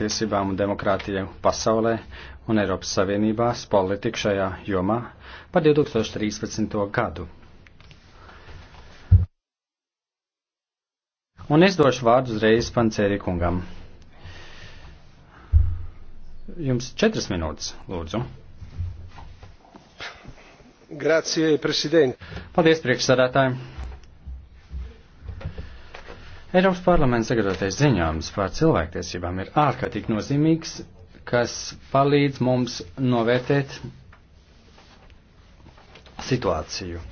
tiesībām un demokrātiju pasaulē un Eiropas Savienībās politika šajā jomā par 2013. gadu. Un es došu vārdu uzreiz pancēri kungam. Jums četras minūtes, lūdzu. Grazie, prezident. Paldies, priekšsādātāji. Eiropas parlaments sagatavotais ziņojums par cilvēktiesībām ir ārkārtīgi nozīmīgs, kas palīdz mums novērtēt situāciju.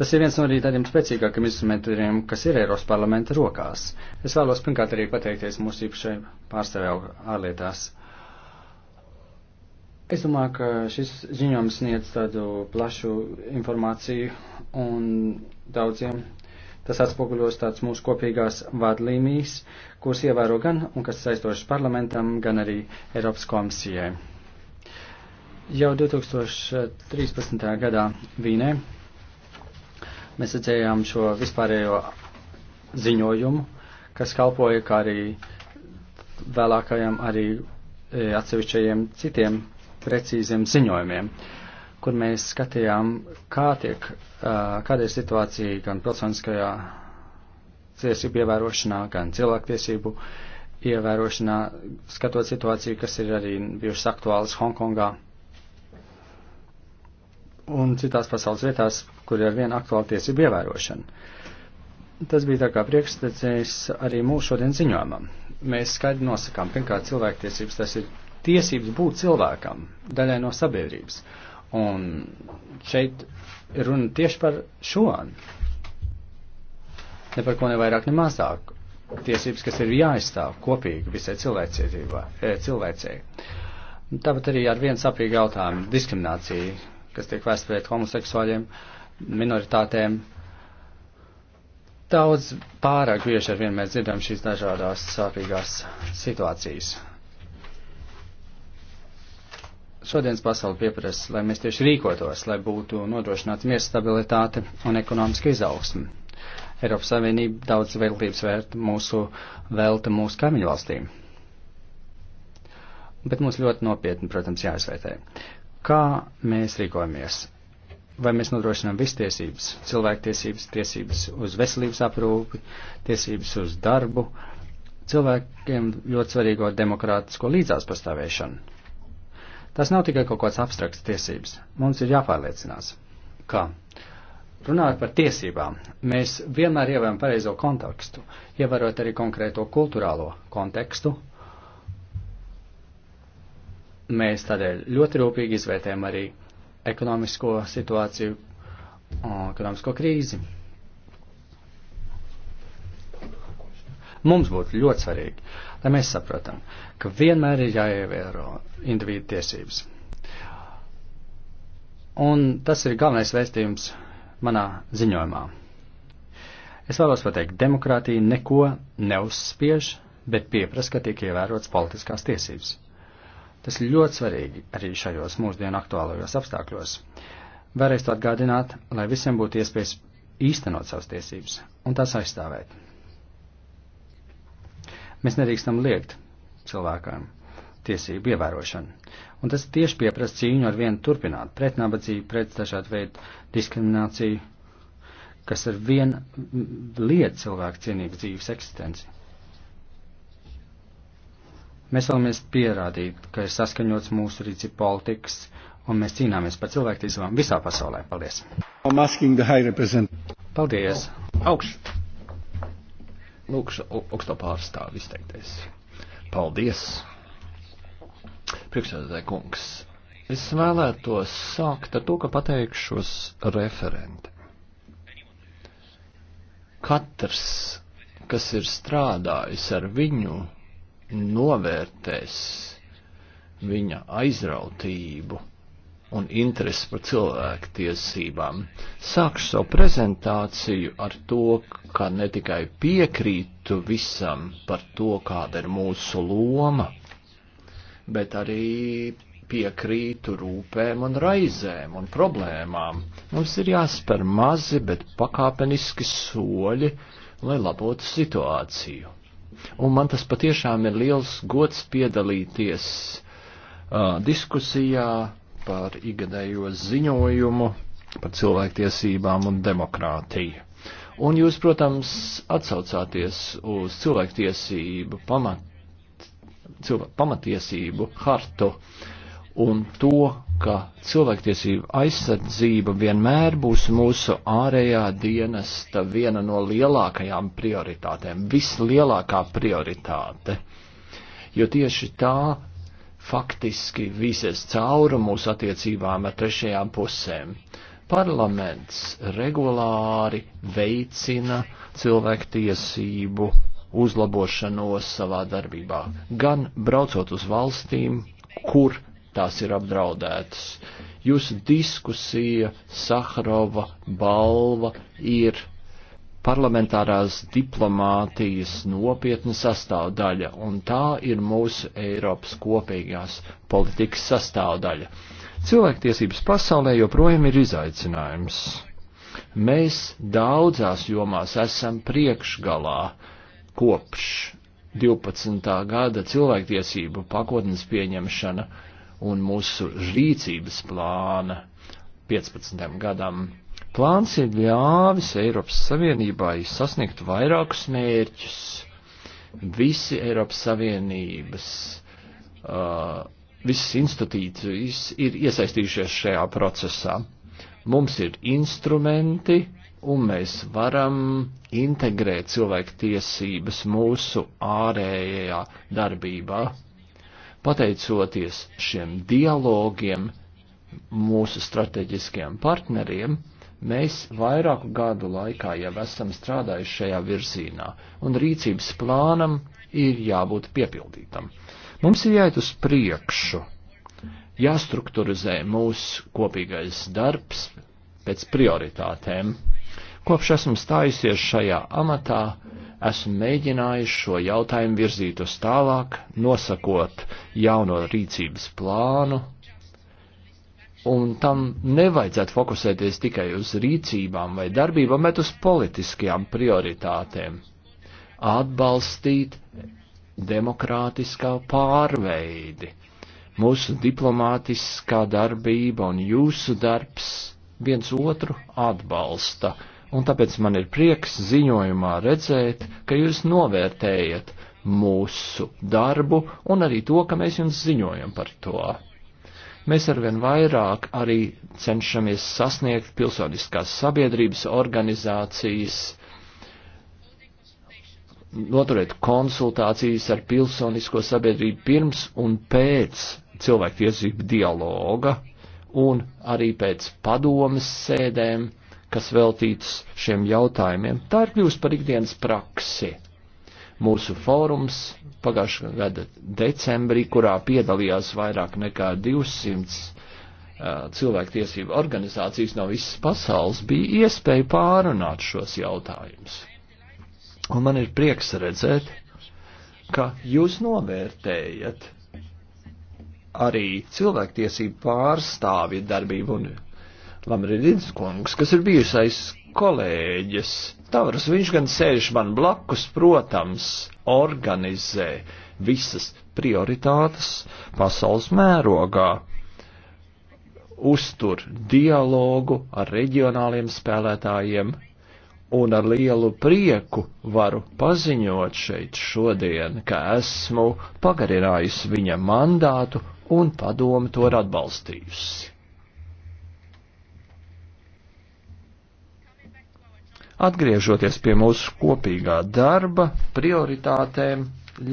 Tas ir viens no arī tādiem spēcīgākiem instrumentiem, kas ir Eiropas parlamenta rokās. Es vēlos pirmkārt arī pateikties mūsu īpašai pārstāvēju ārlietās. Es domāju, ka šis ziņojums sniedz tādu plašu informāciju un daudziem Tas atspoguļos tāds mūsu kopīgās vadlīnijas, kuras ievēro gan un kas saistošas parlamentam, gan arī Eiropas komisijai. Jau 2013. gadā Vīnē mēs redzējām šo vispārējo ziņojumu, kas kalpoja kā arī vēlākajam arī e, atsevišķajiem citiem precīziem ziņojumiem. Uh, kur mēs skatījām, kā tiek, kāda ir situācija gan pilsoniskajā tiesību ievērošanā, gan cilvēktiesību ievērošanā, skatot situāciju, kas ir arī bijušas aktuālas Hongkongā un citās pasaules vietās, kur ir arvien aktuāla tiesību ievērošana. Tas bija tā kā priekšstacējs arī mūsu šodien ziņojumam. Mēs skaidri nosakām, pirmkārt, cilvēktiesības tas ir tiesības būt cilvēkam, daļai no sabiedrības. Un šeit ir runa tieši par šo. Ne par ko ne vairāk, ne mazāk. Tiesības, kas ir jāizstāv kopīgi visai e, cilvēcei. Tāpat arī ar vienu sapīgu jautājumu - diskriminācija, kas tiek vēsta pret homoseksuāļiem, minoritātēm. Daudz pārāk bieži ar vienu mēs dzirdam šīs dažādās sāpīgās situācijas šodienas pasauli pieprasa, lai mēs tieši rīkotos, lai būtu nodrošināts miers, stabilitāte un ekonomiska izaugsme. Eiropas Savienība daudz vērtības vērt mūsu velta mūsu kaimiņu valstīm. Bet mums ļoti nopietni, protams, jāizvērtē. Kā mēs rīkojamies? Vai mēs nodrošinām visu tiesības, cilvēktiesības, tiesības uz veselības aprūpi, tiesības uz darbu, cilvēkiem ļoti svarīgo demokrātisko līdzās pastāvēšanu? Tas nav tikai kaut kāds abstrakts tiesības. Mums ir jāpārliecinās, ka runājot par tiesībām, mēs vienmēr ievērojam pareizo kontekstu, ievērot arī konkrēto kulturālo kontekstu. Mēs tādēļ ļoti rūpīgi izvērtējam arī ekonomisko situāciju, uh, ekonomisko krīzi. Mums būtu ļoti svarīgi, lai mēs saprotam, ka vienmēr ir jāievēro individu tiesības. Un tas ir galvenais vēstījums manā ziņojumā. Es vēlos pateikt, demokrātija neko neuzspiež, bet pieprasa, ka tiek ievērots politiskās tiesības. Tas ir ļoti svarīgi arī šajos mūsdienu aktuālajos apstākļos. Vēlreiz to atgādināt, lai visiem būtu iespējas īstenot savas tiesības un tās aizstāvēt. Mēs nedrīkstam liekt cilvēkam tiesību ievērošanu. Un tas tieši pieprasa cīņu ar vienu turpināt pret nabadzību, pret dažādu veidu diskrimināciju, kas ar vienu liet cilvēku cienīgu dzīves eksistenci. Mēs vēlamies pierādīt, ka ir saskaņots mūsu rīcība politikas, un mēs cīnāmies par cilvēktiesībām visā pasaulē. Paldies! Paldies! Augšu! Lūkšu nu, augsto pārstāvi izteikties. Paldies! Priekšsēdētāji kungs, es vēlētos sākt ar to, ka pateikšos referenti. Katrs, kas ir strādājis ar viņu, novērtēs viņa aizrautību un interesi par cilvēku tiesībām. Sākšu savu prezentāciju ar to, ka ne tikai piekrītu visam par to, kāda ir mūsu loma, bet arī piekrītu rūpēm un raizēm un problēmām. Mums ir jāspēr mazi, bet pakāpeniski soļi, lai labotu situāciju. Un man tas patiešām ir liels gods piedalīties uh, diskusijā par igadējo ziņojumu par cilvēktiesībām un demokrātiju. Un jūs, protams, atsaucāties uz cilvēktiesību pamat, cilvē, pamatiesību hartu un to, ka cilvēktiesība aizsardzība vienmēr būs mūsu ārējā dienesta viena no lielākajām prioritātēm, vislielākā prioritāte. Jo tieši tā faktiski visies cauri mūsu attiecībām ar trešajām pusēm. Parlaments regulāri veicina cilvēktiesību uzlabošanos savā darbībā, gan braucot uz valstīm, kur tās ir apdraudētas. Jūsu diskusija, Sahrova balva ir parlamentārās diplomātijas nopietna sastāvdaļa, un tā ir mūsu Eiropas kopīgās politikas sastāvdaļa. Cilvēktiesības pasaulē joprojām ir izaicinājums. Mēs daudzās jomās esam priekšgalā kopš 12. gada cilvēktiesību pakotnes pieņemšana un mūsu rīcības plāna 15. gadam Plāns ir ļāvis Eiropas Savienībai sasniegt vairākus mērķus. Visi Eiropas Savienības, uh, visas institūcijas ir iesaistījušies šajā procesā. Mums ir instrumenti, un mēs varam integrēt cilvēku tiesības mūsu ārējā darbībā. Pateicoties šiem dialogiem mūsu strateģiskiem partneriem, Mēs vairāku gadu laikā jau esam strādājuši šajā virzienā, un rīcības plānam ir jābūt piepildītam. Mums ir jāiet uz priekšu, jāstrukturizē mūsu kopīgais darbs pēc prioritātēm. Kopš esmu stājusies šajā amatā, esmu mēģinājis šo jautājumu virzīt uz tālāk, nosakot jauno rīcības plānu un tam nevajadzētu fokusēties tikai uz rīcībām vai darbībām, bet uz politiskajām prioritātēm. Atbalstīt demokrātiskā pārveidi, mūsu diplomātiskā darbība un jūsu darbs viens otru atbalsta, un tāpēc man ir prieks ziņojumā redzēt, ka jūs novērtējat mūsu darbu un arī to, ka mēs jums ziņojam par to. Mēs arvien vairāk arī cenšamies sasniegt pilsoniskās sabiedrības organizācijas, noturēt konsultācijas ar pilsonisko sabiedrību pirms un pēc cilvēktiesību dialoga un arī pēc padomas sēdēm, kas veltītas šiem jautājumiem. Tā ir kļūst par ikdienas praksi mūsu fórums pagājušā gada decembrī, kurā piedalījās vairāk nekā 200 uh, cilvēktiesību organizācijas no visas pasaules, bija iespēja pārunāt šos jautājumus. Un man ir prieks redzēt, ka jūs novērtējat arī cilvēktiesību pārstāvju darbību un Lamridins kungs, kas ir bijušais kolēģis. Tavars, viņš gan sēž man blakus, protams, organizē visas prioritātes pasaules mērogā uztur dialogu ar reģionāliem spēlētājiem, un ar lielu prieku varu paziņot šeit šodien, ka esmu pagarinājusi viņa mandātu un padomu to ir atbalstījusi. Atgriežoties pie mūsu kopīgā darba, prioritātēm,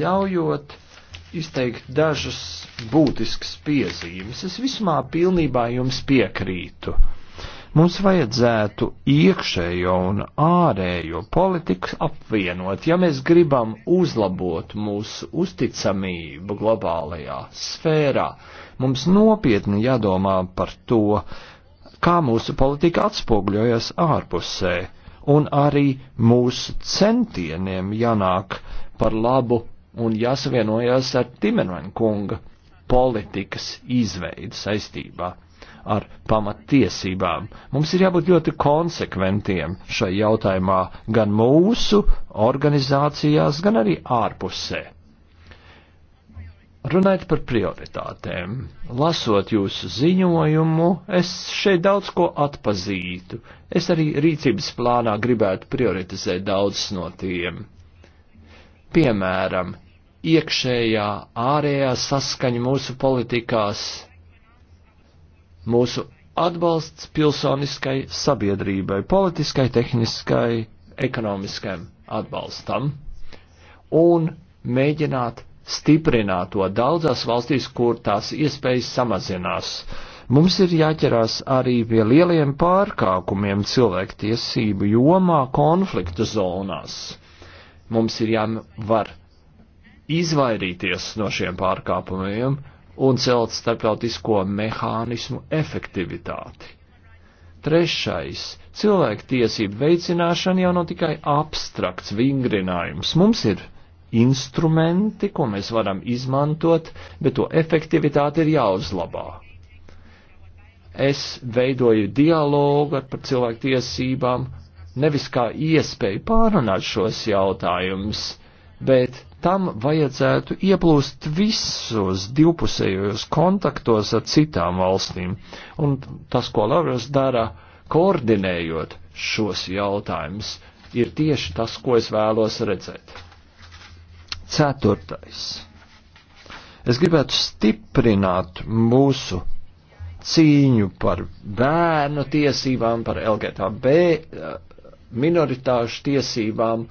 ļaujot izteikt dažas būtiskas piezīmes, es vismā pilnībā jums piekrītu mums vajadzētu iekšējo un ārējo politiku apvienot, ja mēs gribam uzlabot mūsu uzticamību globālajā sfērā. Mums nopietni jādomā par to, kā mūsu politika atspogļojas ārpusē un arī mūsu centieniem jānāk par labu un jāsavienojas ar Timenven kunga politikas izveidu saistībā ar pamatiesībām. Mums ir jābūt ļoti konsekventiem šai jautājumā gan mūsu organizācijās, gan arī ārpusē. Runājot par prioritātēm, lasot jūsu ziņojumu, es šeit daudz ko atpazītu. Es arī rīcības plānā gribētu prioritizēt daudzus no tiem. Piemēram, iekšējā, ārējā saskaņa mūsu politikās, mūsu atbalsts pilsoniskai sabiedrībai, politiskai, tehniskai, ekonomiskajam atbalstam un mēģināt stiprināto daudzās valstīs, kur tās iespējas samazinās. Mums ir jāķerās arī pie lieliem pārkāpumiem cilvēktiesību jomā, konflikta zonās. Mums ir jāvar izvairīties no šiem pārkāpumiem un celt starptautisko mehānismu efektivitāti. Trešais - cilvēktiesību veicināšana jau nav no tikai abstrakts vingrinājums. Mums ir instrumenti, ko mēs varam izmantot, bet to efektivitāte ir jāuzlabā. Es veidoju dialogu par cilvēku tiesībām, nevis kā iespēju pārunāt šos jautājumus, bet tam vajadzētu ieplūst visos divpusējos kontaktos ar citām valstīm. Un tas, ko Lavros dara, koordinējot šos jautājumus, ir tieši tas, ko es vēlos redzēt. Ceturtais. Es gribētu stiprināt mūsu cīņu par bērnu tiesībām, par LGTB minoritāšu tiesībām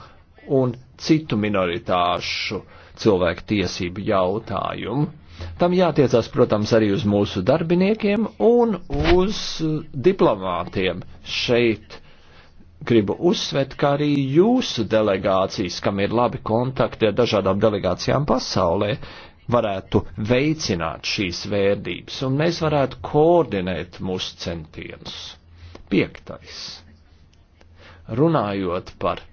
un citu minoritāšu cilvēku tiesību jautājumu. Tam jātiecās, protams, arī uz mūsu darbiniekiem un uz diplomātiem šeit gribu uzsvērt, ka arī jūsu delegācijas, kam ir labi kontakti ar dažādām delegācijām pasaulē, varētu veicināt šīs vērtības, un mēs varētu koordinēt mūsu centienus. Piektais. Runājot par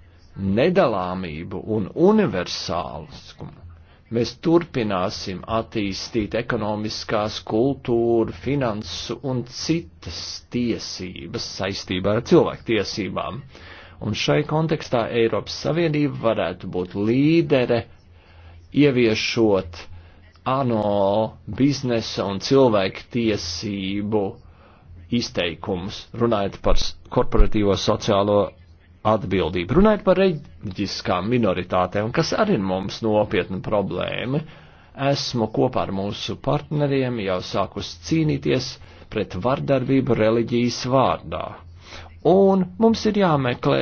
nedalāmību un universāliskumu, Mēs turpināsim attīstīt ekonomiskās, kultūru, finansu un citas tiesības saistībā ar cilvēktiesībām. Un šai kontekstā Eiropas Savienība varētu būt līdere, ieviešot ANO biznesa un cilvēktiesību izteikumus, runājot par korporatīvo sociālo atbildību. Runājot par reģiskām minoritātēm, kas arī ir mums nopietna problēma, esmu kopā ar mūsu partneriem jau sākus cīnīties pret vardarbību reliģijas vārdā. Un mums ir jāmeklē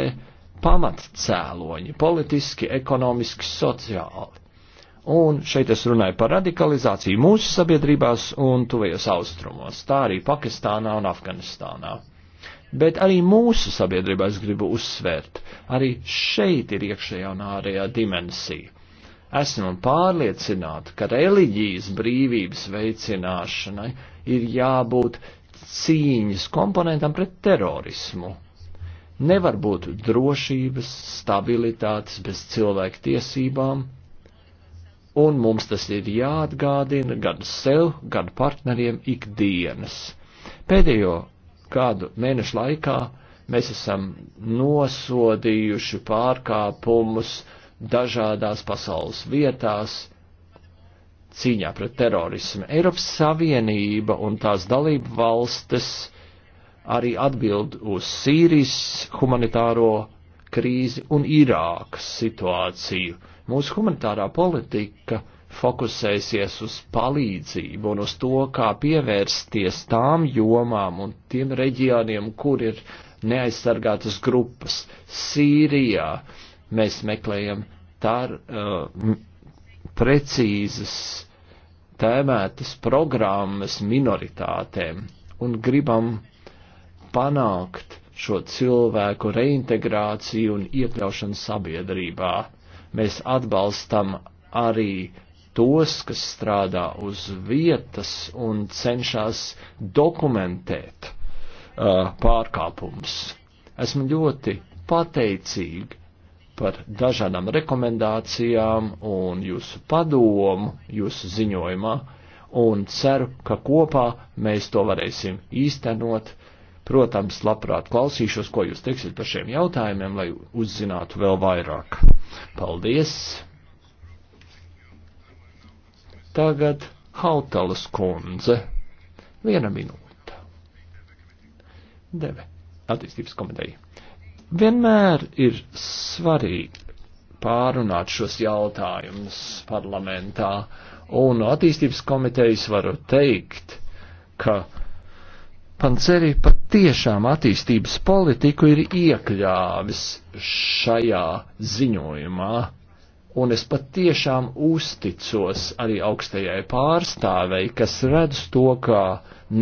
pamatcēloņi - politiski, ekonomiski, sociāli. Un šeit es runāju par radikalizāciju mūsu sabiedrībās un tuvajos austrumos, tā arī Pakistānā un Afganistānā bet arī mūsu sabiedrībā es gribu uzsvērt. Arī šeit ir iekšējā un ārējā dimensija. Esmu pārliecināta, ka reliģijas brīvības veicināšanai ir jābūt cīņas komponentam pret terorismu. Nevar būt drošības, stabilitātes bez cilvēku tiesībām, un mums tas ir jāatgādina gan sev, gan partneriem ikdienas. Pēdējo kādu mēnešu laikā mēs esam nosodījuši pārkāpumus dažādās pasaules vietās cīņā pret terorismu. Eiropas Savienība un tās dalību valstis arī atbild uz Sīrijas humanitāro krīzi un Irākas situāciju. Mūsu humanitārā politika fokusēsies uz palīdzību un uz to, kā pievērsties tām jomām un tiem reģioniem, kur ir neaizsargātas grupas. Sīrijā mēs meklējam tar, uh, precīzas tēmētas programmas minoritātēm un gribam panākt šo cilvēku reintegrāciju un iekļaušanu sabiedrībā. Mēs atbalstam arī tos, kas strādā uz vietas un cenšas dokumentēt uh, pārkāpumus. Esmu ļoti pateicīgi par dažādām rekomendācijām un jūsu padomu, jūsu ziņojumā, un ceru, ka kopā mēs to varēsim īstenot. Protams, labprāt klausīšos, ko jūs teiksiet par šiem jautājumiem, lai uzzinātu vēl vairāk. Paldies! Tagad Hautalas kundze. Viena minūte. Deve. Attīstības komiteja. Vienmēr ir svarīgi pārunāt šos jautājumus parlamentā, un no attīstības komitejas varu teikt, ka Panceri patiešām attīstības politiku ir iekļāvis šajā ziņojumā, un es patiešām uzticos arī augstajai pārstāvei, kas redz to kā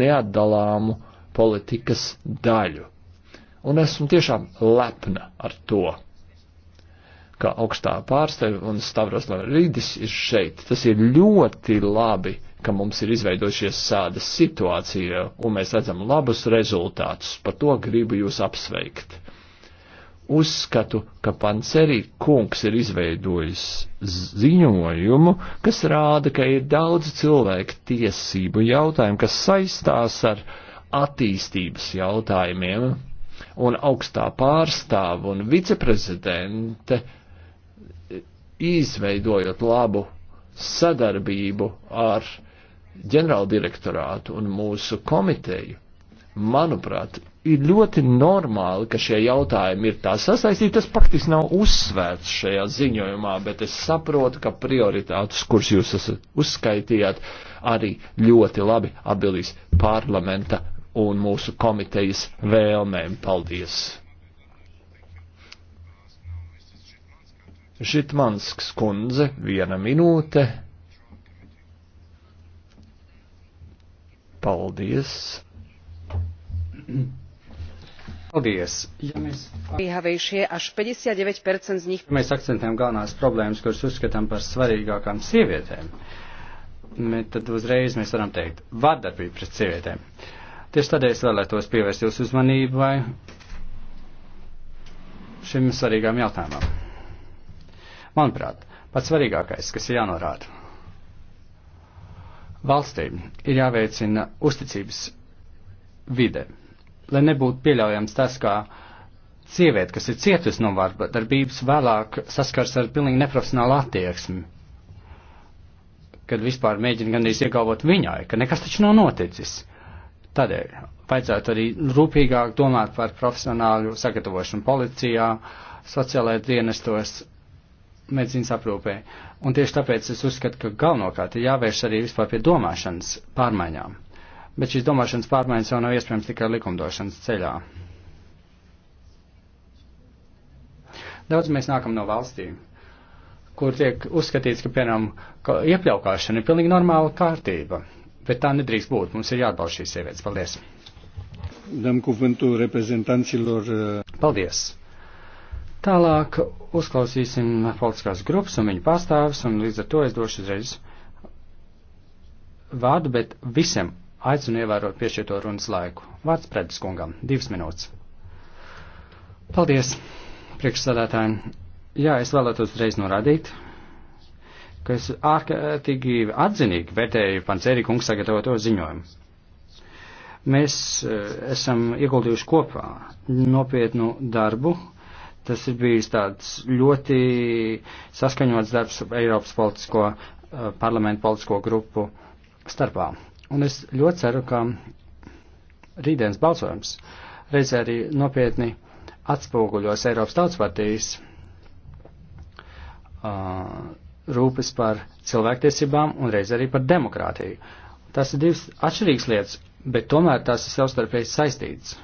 neatdalāmu politikas daļu. Un esmu tiešām lepna ar to, ka augstā pārstāve un Stavros Lavrīdis ir šeit. Tas ir ļoti labi, ka mums ir izveidojušies sāda situācija, un mēs redzam labus rezultātus. Par to gribu jūs apsveikt uzskatu, ka Pancerī kungs ir izveidojis ziņojumu, kas rāda, ka ir daudz cilvēku tiesību jautājumu, kas saistās ar attīstības jautājumiem, un augstā pārstāva un viceprezidente e, izveidojot labu sadarbību ar ģenerāldirektorātu un mūsu komiteju Manuprāt, ir ļoti normāli, ka šie jautājumi ir tā sasaistīti. Tas praktiski nav uzsvērts šajā ziņojumā, bet es saprotu, ka prioritātus, kurus jūs esat uzskaitījāt, arī ļoti labi atbildīs parlamenta un mūsu komitejas vēlmēm. Paldies! Žitmansks kundze, viena minūte. Paldies! Paldies! Ja mēs, Piehavējušie až 59% z nich. Mēs akcentējam galvenās problēmas, kuras uzskatām par svarīgākām sievietēm. Bet tad uzreiz mēs varam teikt vardarbība pret sievietēm. Tieši tādēļ es vēlētos pievērst jūsu uzmanību vai šim svarīgām jautājumam. Manuprāt, pats svarīgākais, kas ir jānorāda, valstīm ir jāveicina uzticības vidēm lai nebūtu pieļaujams tas, kā sieviete, kas ir cietusi no vardarbības, vēlāk saskars ar pilnīgi neprofesionālu attieksmi, kad vispār mēģina gandrīz iegalvot viņai, ka nekas taču nav noticis. Tādēļ vajadzētu arī rūpīgāk domāt par profesionālu sagatavošanu policijā, sociālajā dienestos, medicīnas aprūpē. Un tieši tāpēc es uzskatu, ka galvenokārt ir jāvērš arī vispār pie domāšanas pārmaiņām bet šīs domāšanas pārmaiņas jau nav iespējams tikai likumdošanas ceļā. Daudz mēs nākam no valstīm, kur tiek uzskatīts, ka, piemēram, iepļaukāšana ir pilnīgi normāla kārtība, bet tā nedrīkst būt. Mums ir jāatbalsta šīs sievietes. Paldies! Dam cuvântul reprezentanților. Uh, Paldies! Tālāk uzklausīsim politiskās grupas un viņu pārstāvis, un līdz ar to es došu uzreiz vārdu, bet visiem Aicinu ievērot piešķirto runas laiku. Vārds pretis kungam. Divas minūtes. Paldies, priekšsādātājiem. Jā, es vēlētos reiz norādīt, ka es ārkārtīgi atzinīgi vērtēju Pancēri kungs sagatavoto ziņojumu. Mēs e, esam ieguldījuši kopā nopietnu darbu. Tas ir bijis tāds ļoti saskaņots darbs Eiropas politisko e, parlamentu politisko grupu starpā. Un es ļoti ceru, ka rītdienas balsojums reizē arī nopietni atspoguļos Eiropas tautas partijas uh, rūpes par cilvēktiesībām un reiz arī par demokrātiju. Tas ir divas atšķirīgas lietas, bet tomēr tās ir savstarpēji saistītas.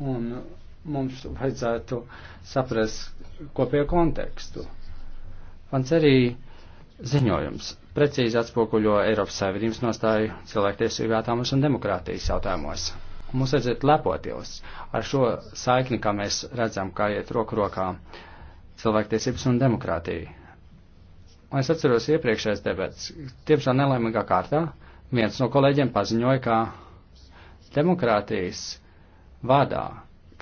Un mums vajadzētu saprast kopējo kontekstu. Mans arī ziņojums precīzi atspoguļo Eiropas Savienības nostāju cilvēktiesību jautājumos un demokrātijas jautājumos. Mums vajadzētu lepoties ar šo saikni, kā mēs redzam, kā iet roku rokā cilvēktiesības un demokrātija. Un es atceros iepriekšējais debats. Tiemžēl nelaimīgā kārtā viens no kolēģiem paziņoja, ka demokrātijas vārdā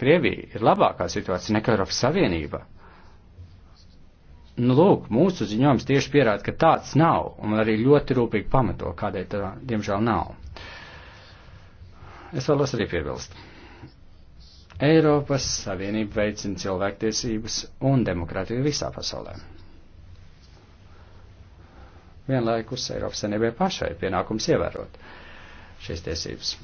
Krievija ir labākā situācija nekā Eiropas Savienība. Nu, lūk, mūsu ziņojums tieši pierāda, ka tāds nav, un arī ļoti rūpīgi pamato, kādēļ tā, diemžēl, nav. Es vēlos arī piebilst. Eiropas Savienība veicina cilvēktiesības un demokrātiju visā pasaulē. Vienlaikus Eiropas Savienībai pašai pienākums ievērot šīs tiesības.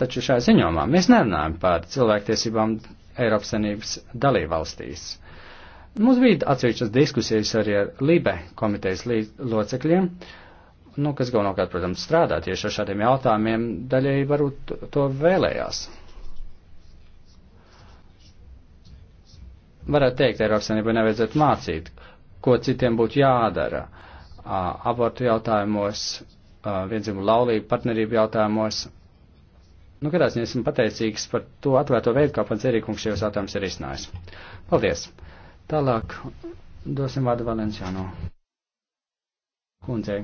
Taču šajā ziņomā mēs nerunājam par cilvēktiesībām Eiropas Savienības dalībvalstīs. Mums bija atsevišķas diskusijas arī ar LIBE komitejas locekļiem, nu, kas galvenokārt, protams, strādā tieši ar šādiem jautājumiem, daļēji varbūt to vēlējās. Varētu teikt, Eiropas Savienībai nevajadzētu mācīt, ko citiem būtu jādara abortu jautājumos, vienzimu laulību partnerību jautājumos Nu, kādā ziņā esmu pateicīgs par to atvērto veidu, kā pats Erīkungs šajos jautājumus ir izcinājis. Paldies! Tālāk dosim vārdu Valenciāno kundzei.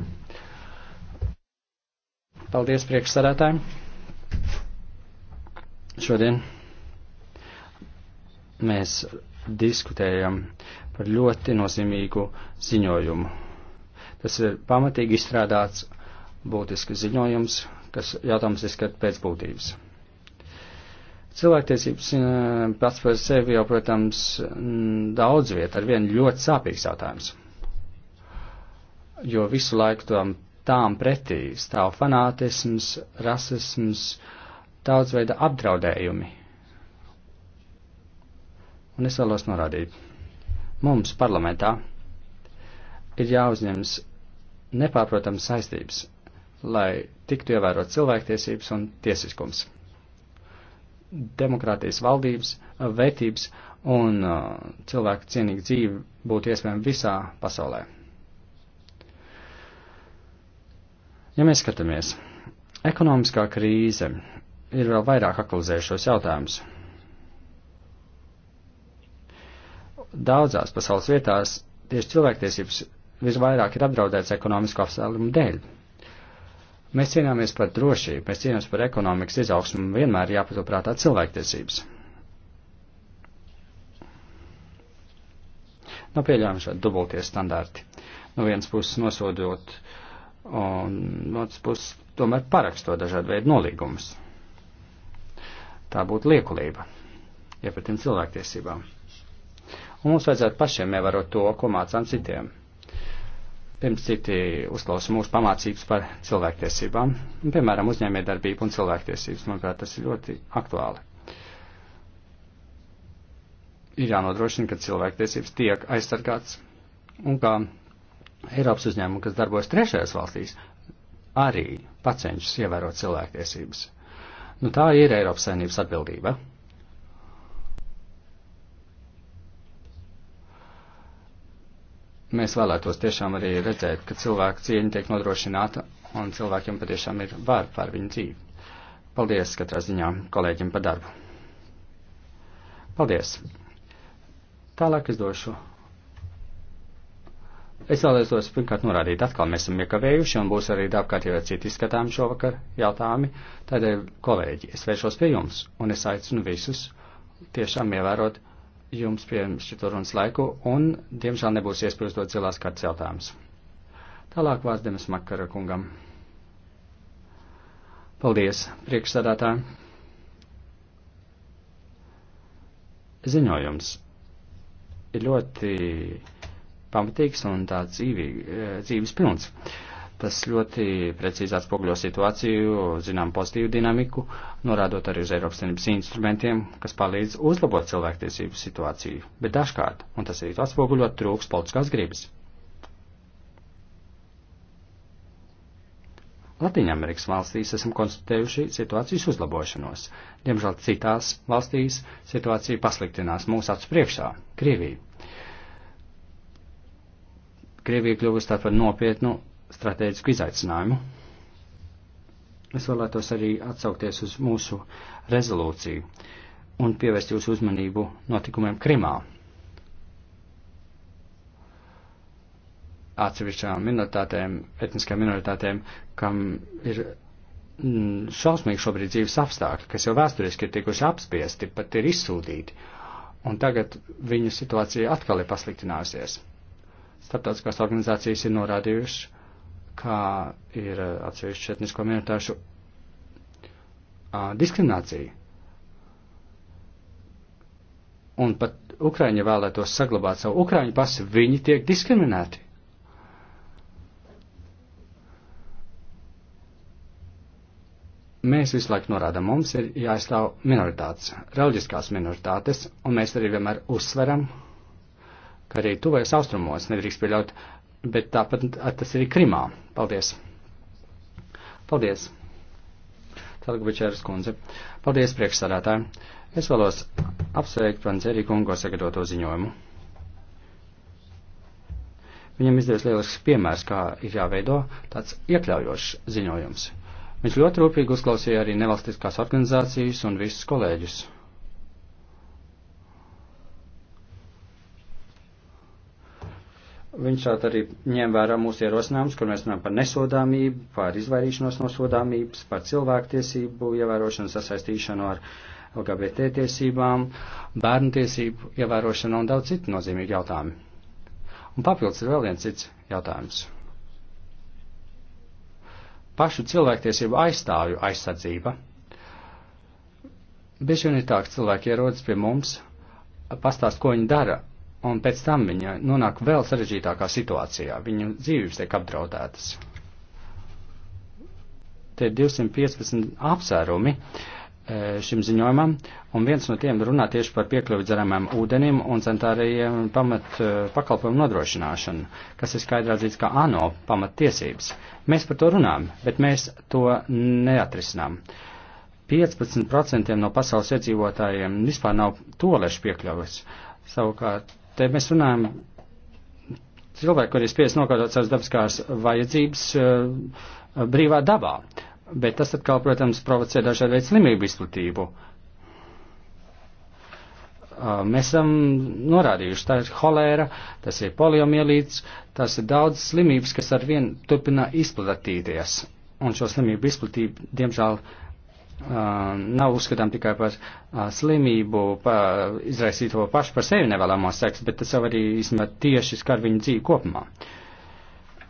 Paldies priekšsarētājiem! Šodien mēs diskutējam par ļoti nozīmīgu ziņojumu. Tas ir pamatīgi izstrādāts būtisks ziņojums, kas jautājums ir skat pēc būtības. Cilvēktiesības eh, pats par sevi jau, protams, mm, daudz viet, ar vienu ļoti sāpīgs jautājums. Jo visu laiku tam tām pretī stāv fanātisms, rasisms, daudzveida apdraudējumi. Un es vēlos norādīt, mums parlamentā ir jāuzņems nepārprotams saistības lai tiktu ievērot cilvēktiesības un tiesiskums, demokrātijas valdības, vērtības un uh, cilvēku cienīgu dzīvi būtu iespējama visā pasaulē. Ja mēs skatāmies, ekonomiskā krīze ir vēl vairāk aktualizējušos jautājumus. Daudzās pasaules vietās tieši cilvēktiesības visvairāk ir apdraudēts ekonomisko apsvērumu dēļ. Mēs cīnāmies par drošību, mēs cīnāmies par ekonomikas izaugsmu un vienmēr jāpaturprātā cilvēktiesības. Nav nu, pieļaujami šādi dubultie standarti. No nu, vienas puses nosodot, un no otras puses tomēr parakstot dažādu veidu nolīgumus. Tā būtu liekulība, ja par tiem cilvēktiesībām. Un mums vajadzētu pašiem ievērot to, ko mācām citiem. Pirms citi uzklausa mūsu pamācības par cilvēktiesībām, piemēram, uzņēmējdarbību un cilvēktiesības, manuprāt, tas ir ļoti aktuāli. Ir jānodrošina, ka cilvēktiesības tiek aizsargāts un ka Eiropas uzņēmumi, kas darbojas trešajās valstīs, arī pacenšas ievērot cilvēktiesības. Nu, tā ir Eiropas saimnības atbildība. mēs vēlētos tiešām arī redzēt, ka cilvēku cieņa tiek nodrošināta un cilvēkiem patiešām ir var par viņu dzīvi. Paldies katrā ziņā kolēģim par darbu. Paldies. Tālāk es došu. Es vēlētos tos pirmkārt norādīt, atkal mēs esam iekavējuši un būs arī darbkārtībā citi izskatām šovakar jautājumi. Tādēļ, kolēģi, es vēršos pie jums un es aicinu visus tiešām ievērot jums piemšķito runas laiku un, diemžēl, nebūs iespējas dot zilās kartas jautājumus. Tālāk vārds Demis Makara kungam. Paldies, priekšsādātāji. Ziņojums ir ļoti pamatīgs un tāds dzīvīgi, eh, dzīves pilns. Uh, Tas ļoti precīzi atspogļo situāciju, zinām pozitīvu dinamiku, norādot arī uz Eiropas Savienības instrumentiem, kas palīdz uzlabot cilvēktiesību situāciju, bet dažkārt, un tas arī atspoguļo, trūks politiskās gribas. Latvijas-Amerikas valstīs esam konstatējuši situācijas uzlabošanos. Diemžēl citās valstīs situācija pasliktinās mūsu acu priekšā - Krievija. Krievija kļuvusi tāpat nopietnu stratēģisku izaicinājumu. Es vēlētos arī atsaukties uz mūsu rezolūciju un pievērst jūsu uzmanību notikumiem Krimā. Atsevišķām minoritātēm, etniskajām minoritātēm, kam ir mm, šausmīgi šobrīd dzīves apstākļi, kas jau vēsturiski ir tikuši apspiesti, pat ir izsūtīti, un tagad viņu situācija atkal ir pasliktinājusies. Starptautiskās organizācijas ir norādījušas, kā ir atsevišķu etnisko minoritāšu diskriminācija. Un pat Ukraiņa vēlētos saglabāt savu Ukraiņu pasi, viņi tiek diskriminēti. Mēs visu laiku norādām, mums ir jāizstāv minoritātes, reliģiskās minoritātes, un mēs arī vienmēr uzsveram, ka arī tuvojas austrumos nedrīkst pieļaut bet tāpat tas ir Krimā. Paldies! Paldies! Talgubičēras kundze. Paldies, priekšsādātāji! Es vēlos apsveikt Panceri kungo sagatavoto ziņojumu. Viņam izdevies lielisks piemērs, kā ir jāveido tāds iekļaujošs ziņojums. Viņš ļoti rūpīgi uzklausīja arī nevalstiskās organizācijas un visus kolēģus. Viņš tātad arī ņem vērā mūsu ierosinājumus, kur mēs runājam par nesodāmību, par izvairīšanos no sodāmības, par cilvēktiesību ievērošanu, sasaistīšanu ar LGBT tiesībām, bērnu tiesību ievērošanu un daudz citu nozīmīgu jautājumu. Un papildus ir vēl viens cits jautājums. Pašu cilvēktiesību aizstāvju aizsardzība. Bieži vien ir tā, ka cilvēki ierodas pie mums, pastāst, ko viņi dara un pēc tam viņa nonāk vēl sarežģītākā situācijā. Viņa dzīves tiek apdraudētas. Te ir 215 apsērumi e, šim ziņojumam, un viens no tiem runā tieši par piekļuvi dzeramajam ūdenim un centārajiem pamat e, pakalpojumu nodrošināšanu, kas ir skaidrādzīts kā ANO pamattiesības. Mēs par to runājam, bet mēs to neatrisinām. 15% no pasaules iedzīvotājiem vispār nav tolešu piekļuvis. Savukārt Te mēs runājam cilvēku, kur ir spiest nokārtot savas dabiskās vajadzības eh, brīvā dabā, bet tas atkal, protams, provocē dažādu veidu slimību izplatību. Eh, mēs esam norādījuši, tā ir holēra, tas ir poliomielīts, tas ir daudz slimības, kas ar vien turpina izplatīties. Un šo slimību izplatību, diemžēl, uh, Uh, nav uzskatām tikai par uh, slimību, pa, izraisīto pašu par sevi nevēlamo seksu, bet tas jau arī īstenībā tieši skar viņu dzīvi kopumā.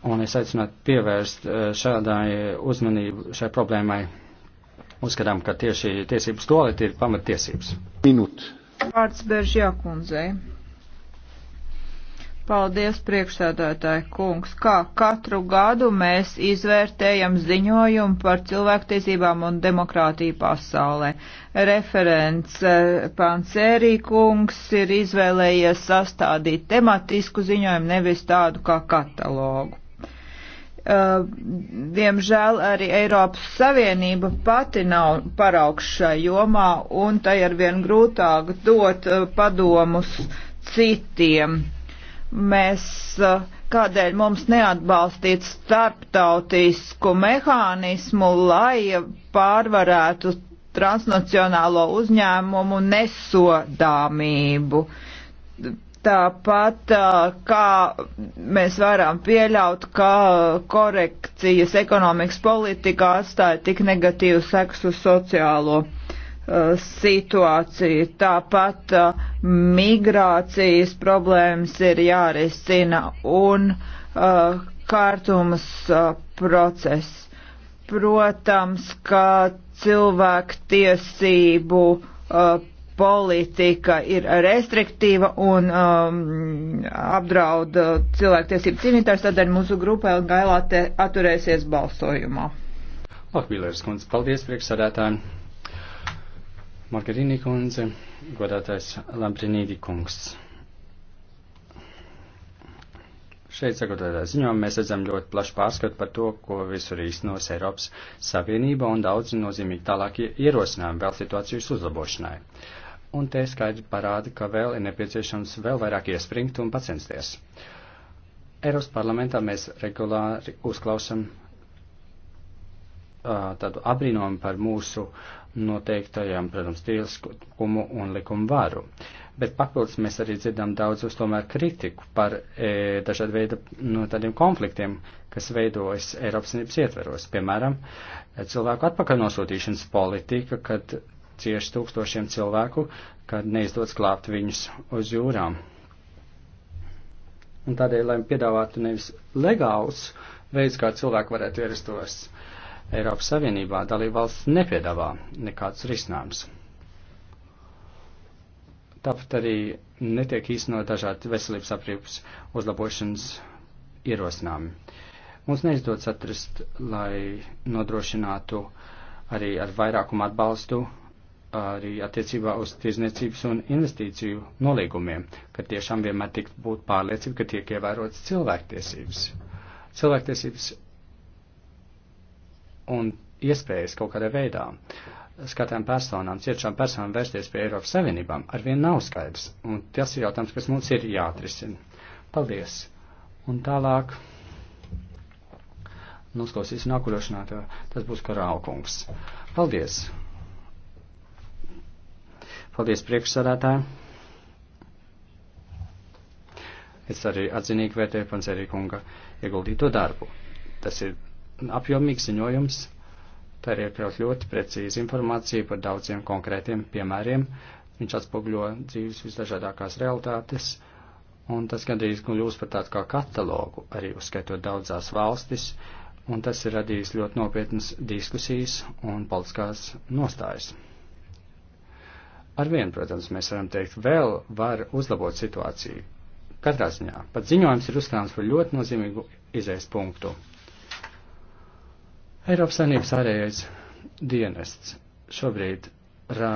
Un es aicinātu pievērst uh, šādai uzmanību šai problēmai. Uzskatām, ka tieši tiesības toaleti ir pamatiesības. Minūte. Vārds Beržjā kundzei. Paldies, priekšsēdētāji kungs. Kā katru gadu mēs izvērtējam ziņojumu par cilvēktiesībām un demokrātiju pasaulē. Referents eh, Pansērī kungs ir izvēlējies sastādīt tematisku ziņojumu, nevis tādu kā katalogu. Uh, diemžēl arī Eiropas Savienība pati nav paraugs šai jomā, un tai arvien grūtāk dot uh, padomus citiem mēs, eh, kādēļ mums neatbalstīt starptautisku mehānismu, lai pārvarētu transnacionālo uzņēmumu nesodāmību. Tāpat eh, kā mēs varam pieļaut, ka korekcijas ekonomikas politikā atstāja tik negatīvu seksu sociālo Uh, situāciju. Tāpat uh, migrācijas problēmas ir jārisina un uh, kārtumas process. Protams, ka cilvēku tiesību politika ir restriktīva un um, apdraud cilvēktiesību cīnītājs, tādēļ mūsu grupa Elgailā atturēsies balsojumā. Lakvīlērs kundze, paldies priekšsādātājiem! Margarīni kundze, godātais Lambrinīdi kungs. Šeit sagatavotā ziņā mēs redzam ļoti plašu pārskatu par to, ko visur īstenos Eiropas Savienība un daudz nozīmīgi tālāk ierosinājumi vēl situācijas uzlabošanai. Un te skaidri parāda, ka vēl ir nepieciešams vēl vairāk iespringt un pacensties. Eiropas parlamentā mēs regulāri uzklausam uh, tādu abrīnojumu par mūsu uh, noteiktajām, protams, tieskumu un likumu varu. Bet papildus mēs arī dzirdam daudz uz tomēr kritiku par e, dažādu veidu no nu, tādiem konfliktiem, kas veidojas Eiropas Savienības ietveros. Piemēram, cilvēku atpakaļ nosūtīšanas politika, kad cieši tūkstošiem cilvēku, kad neizdodas glābt viņus uz jūrām. Un tādēļ, lai piedāvātu nevis legāls veids, kā cilvēki varētu ierastos Eiropas Savienībā dalībvalsts nepiedāvā nekādus risinājumus. Tāpat arī netiek īstenot dažādi veselības aprīpas uzlabošanas ierosinājumi. Mums neizdodas atrast, lai nodrošinātu arī ar vairākumu atbalstu arī attiecībā uz tirzniecības un investīciju nolīgumiem, ka tiešām vienmēr tik būtu pārliecība, ka tiek ievērotas cilvēktiesības. Cilvēktiesības un iespējas kaut kādā veidā skatām personām, cietušām personām vērsties pie Eiropas Savienībām, arvien nav skaidrs. Un tas ir jautājums, kas mums ir jāatrisina. Paldies! Un tālāk. Nosklausīs nu, nākurošanā, tas būs karālkungs. Paldies! Paldies priekšsādātāji! Es arī atzinīgi vērtēju Pancerī kunga ieguldīto darbu. Tas ir apjomīgs ziņojums. Tā ir iekļaut ļoti precīzi informāciju par daudziem konkrētiem piemēriem. Viņš atspoguļo dzīves visdažādākās realitātes, un tas gandrīz kļūst par tādu kā katalogu, arī uzskaitot daudzās valstis, un tas ir radījis ļoti nopietnas diskusijas un politiskās nostājas. Arvien, protams, mēs varam teikt, vēl var uzlabot situāciju. Katrā ziņā pat ziņojums ir uzskatāms par ļoti nozīmīgu izējas punktu. Eiropas Savienības ārējais dienests šobrīd rā,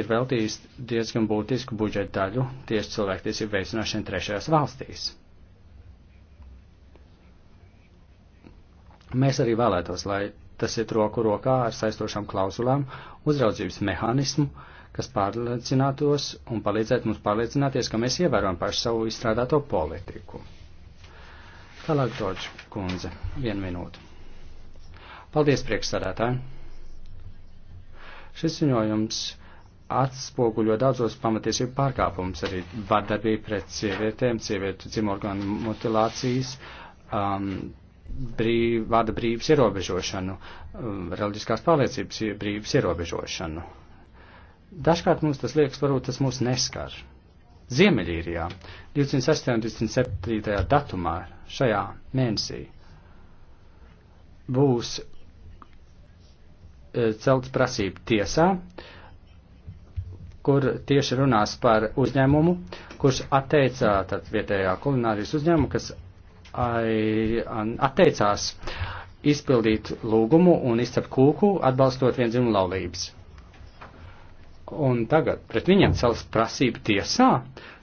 ir veltījis diezgan būtisku budžeta daļu tieši cilvēktiesību veicināšanai trešajās valstīs. Mēs arī vēlētos, lai tas iet roku rokā ar saistošām klausulām, uzraudzības mehānismu, kas pārliecinātos un palīdzētu mums pārliecināties, ka mēs ievērojam pašu savu izstrādāto politiku. Tālāk, Toģ, kundze, vienu minūtu. Paldies, priekšsādātāji! Šis ziņojums atspoguļo daudzos pamatiesību pārkāpumus, arī vardarbību pret sievietēm, sievietu dzimorganu mutilācijas, um, brīv, vārda brīvības ierobežošanu, um, reliģiskās pārliecības brīvības ierobežošanu. Dažkārt mums tas liekas, varbūt tas mūs neskar. Ziemeļīrijā 26. un 27. datumā šajā mēnesī būs Eh, celts prasība tiesā, kur tieši runās par uzņēmumu, kurš atteicā, tad vietējā kulinārijas uzņēmuma, kas ai, atteicās izpildīt lūgumu un izcept kūku, atbalstot vienzimu laulības. Un tagad pret viņiem cels prasība tiesā,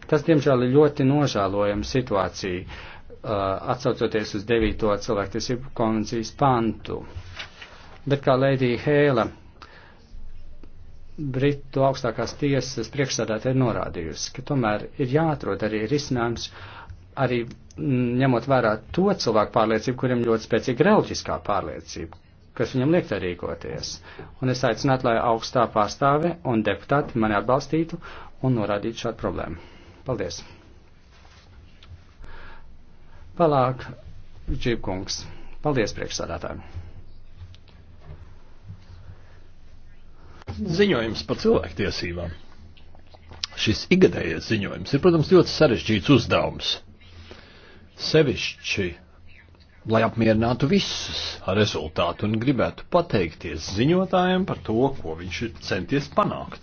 tas, diemžēl, ir ļoti nožēlojama situācija, uh, atsaucoties uz 9. cilvēktiesību konvencijas pantu bet kā Lēdija Hēla, Britu augstākās tiesas priekšsādāte ir norādījusi, ka tomēr ir jāatrod arī risinājums, arī ņemot vērā to cilvēku pārliecību, kuriem ļoti spēcīga reliģiskā pārliecība, kas viņam liek tā rīkoties. Un es aicinātu, lai augstā pārstāve un deputāti mani atbalstītu un norādītu šādu problēmu. Paldies! Palāk, Džibkungs. Paldies priekšsādātājiem! Ziņojums par cilvēktiesībām. Šis ikgadējais ziņojums ir, protams, ļoti sarežģīts uzdevums. Sevišķi, lai apmierinātu visus ar rezultātu un gribētu pateikties ziņotājiem par to, ko viņš ir centies panākt.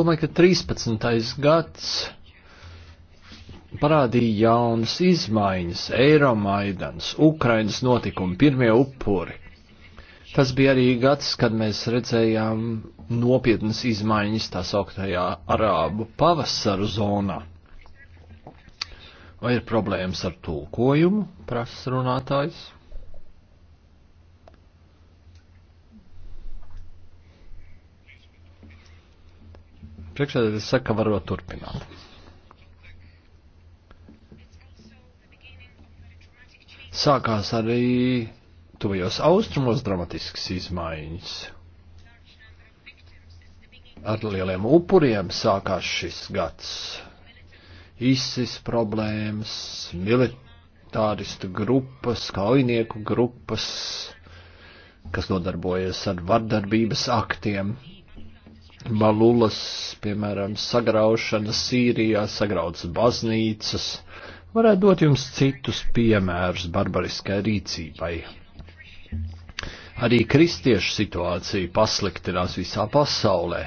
Domāju, ka 13. gads parādīja jaunas izmaiņas, Eiromaidans, Ukrainas notikumi, pirmie upuri Tas bija arī gads, kad mēs redzējām nopietnas izmaiņas tā sauktajā arābu pavasaru zonā. Vai ir problēmas ar tulkojumu, prasa runātājs? Priekšsēdētājs saka, varot turpināt. Sākās arī tuvajos austrumos dramatiskas izmaiņas. Ar lieliem upuriem sākās šis gads. ISIS problēmas, militāristu grupas, kaujinieku grupas, kas nodarbojas ar vardarbības aktiem. Malulas, piemēram, sagraušana Sīrijā, sagrauts baznīcas, varētu dot jums citus piemērus barbariskai rīcībai. Arī kristiešu situācija pasliktinās visā pasaulē.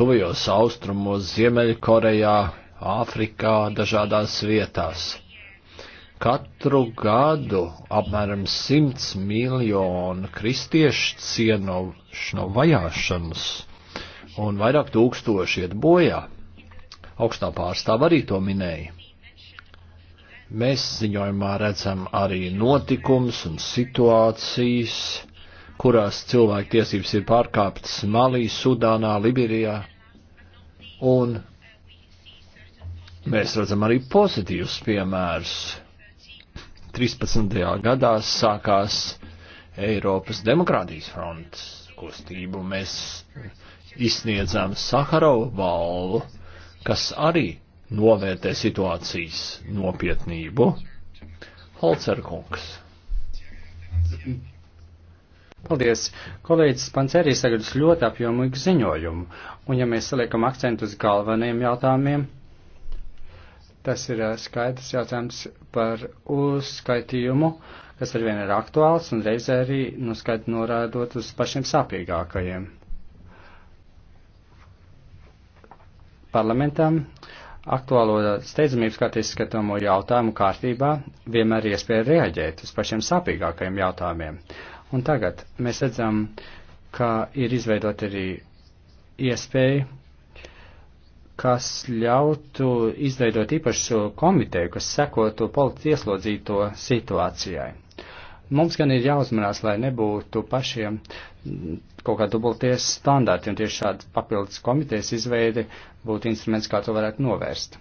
Tuvajos austrumos, Ziemeļkorejā, Āfrikā, dažādās vietās. Katru gadu apmēram 100 miljonu kristiešu cienoši no vajāšanas, un vairāk tūkstoši iet bojā. Augstā pārstāva arī to minēja. Mēs ziņojumā redzam arī notikums un situācijas, kurās cilvēku tiesības ir pārkāptas Malī, Sudānā, Liberijā. Un mēs redzam arī pozitīvus piemērus. 13. gadā sākās Eiropas demokrātijas fronts kustību. Mēs izsniedzām Saharovu balvu, kas arī novērtē situācijas nopietnību. Holcerkungs. Paldies! Kolēģis Pancerī sagadus ļoti apjomīgu ziņojumu, un ja mēs saliekam akcentu uz galvenajiem jautājumiem, tas ir skaidrs jautājums par uzskaitījumu, kas ar vienu ir aktuāls un reizē arī, nu, skaidri norādot uz pašiem sāpīgākajiem. Parlamentam aktuālo steidzamības kārtīs skatāmo jautājumu kārtībā vienmēr iespēja reaģēt uz pašiem sāpīgākajiem jautājumiem. Uh, Un tagad mēs redzam, ka ir izveidot arī iespēja, kas ļautu izveidot īpašu komiteju, kas sekotu policijas ieslodzīto situācijai. Mums gan ir jāuzmanās, lai nebūtu pašiem kaut kā dubulties standarti, un tieši šāda papildus komitejas izveide būtu instruments, kā to varētu novērst.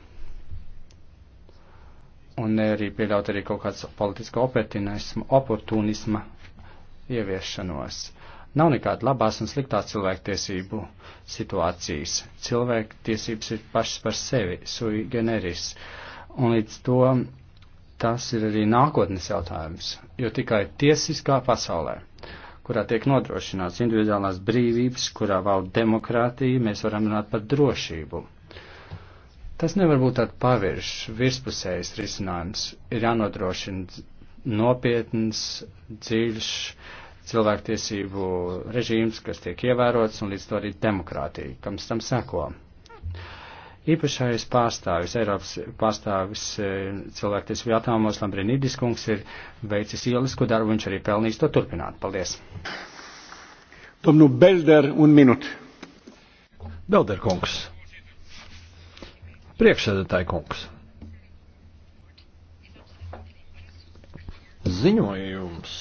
Un arī pieļaut arī kaut kāds politisko oportunisma ieviešanos. Nav nekāda labās un sliktās cilvēktiesību situācijas. Cilvēktiesības ir pašas par sevi, sui generis. Un līdz to tas ir arī nākotnes jautājums, jo tikai tiesiskā pasaulē, kurā tiek nodrošināts individuālās brīvības, kurā valda demokrātija, mēs varam runāt par drošību. Tas nevar būt tāds paviršs, virspusējs risinājums. Ir jānodrošina nopietns, dziļš cilvēktiesību režīms, kas tiek ievērots, un līdz to arī demokrātija, kam tam seko. Īpašais pārstāvis, Eiropas pārstāvis e, cilvēktiesību jautājumos Lambrinidis kungs ir veicis ielisku darbu, viņš arī pelnīs to turpināt. Paldies! Domnu Belder un minūte. Belder kungs. Priekšsēdētāji kungs. Ziņojums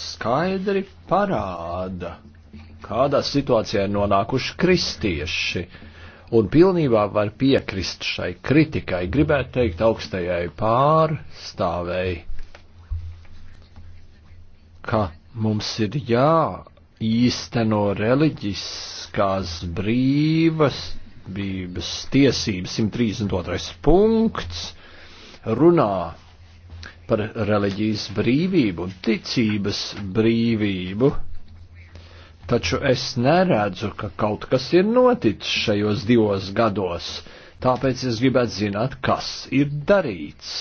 skaidri parāda, kādā situācijā ir nonākuši kristieši, un pilnībā var piekrist šai kritikai, gribētu teikt augstajai pārstāvēji, ka mums ir jā īsteno reliģiskās brīvas bības tiesības 132. punkts runā par reliģijas brīvību un ticības brīvību, taču es neredzu, ka kaut kas ir noticis šajos divos gados, tāpēc es gribētu zināt, kas ir darīts.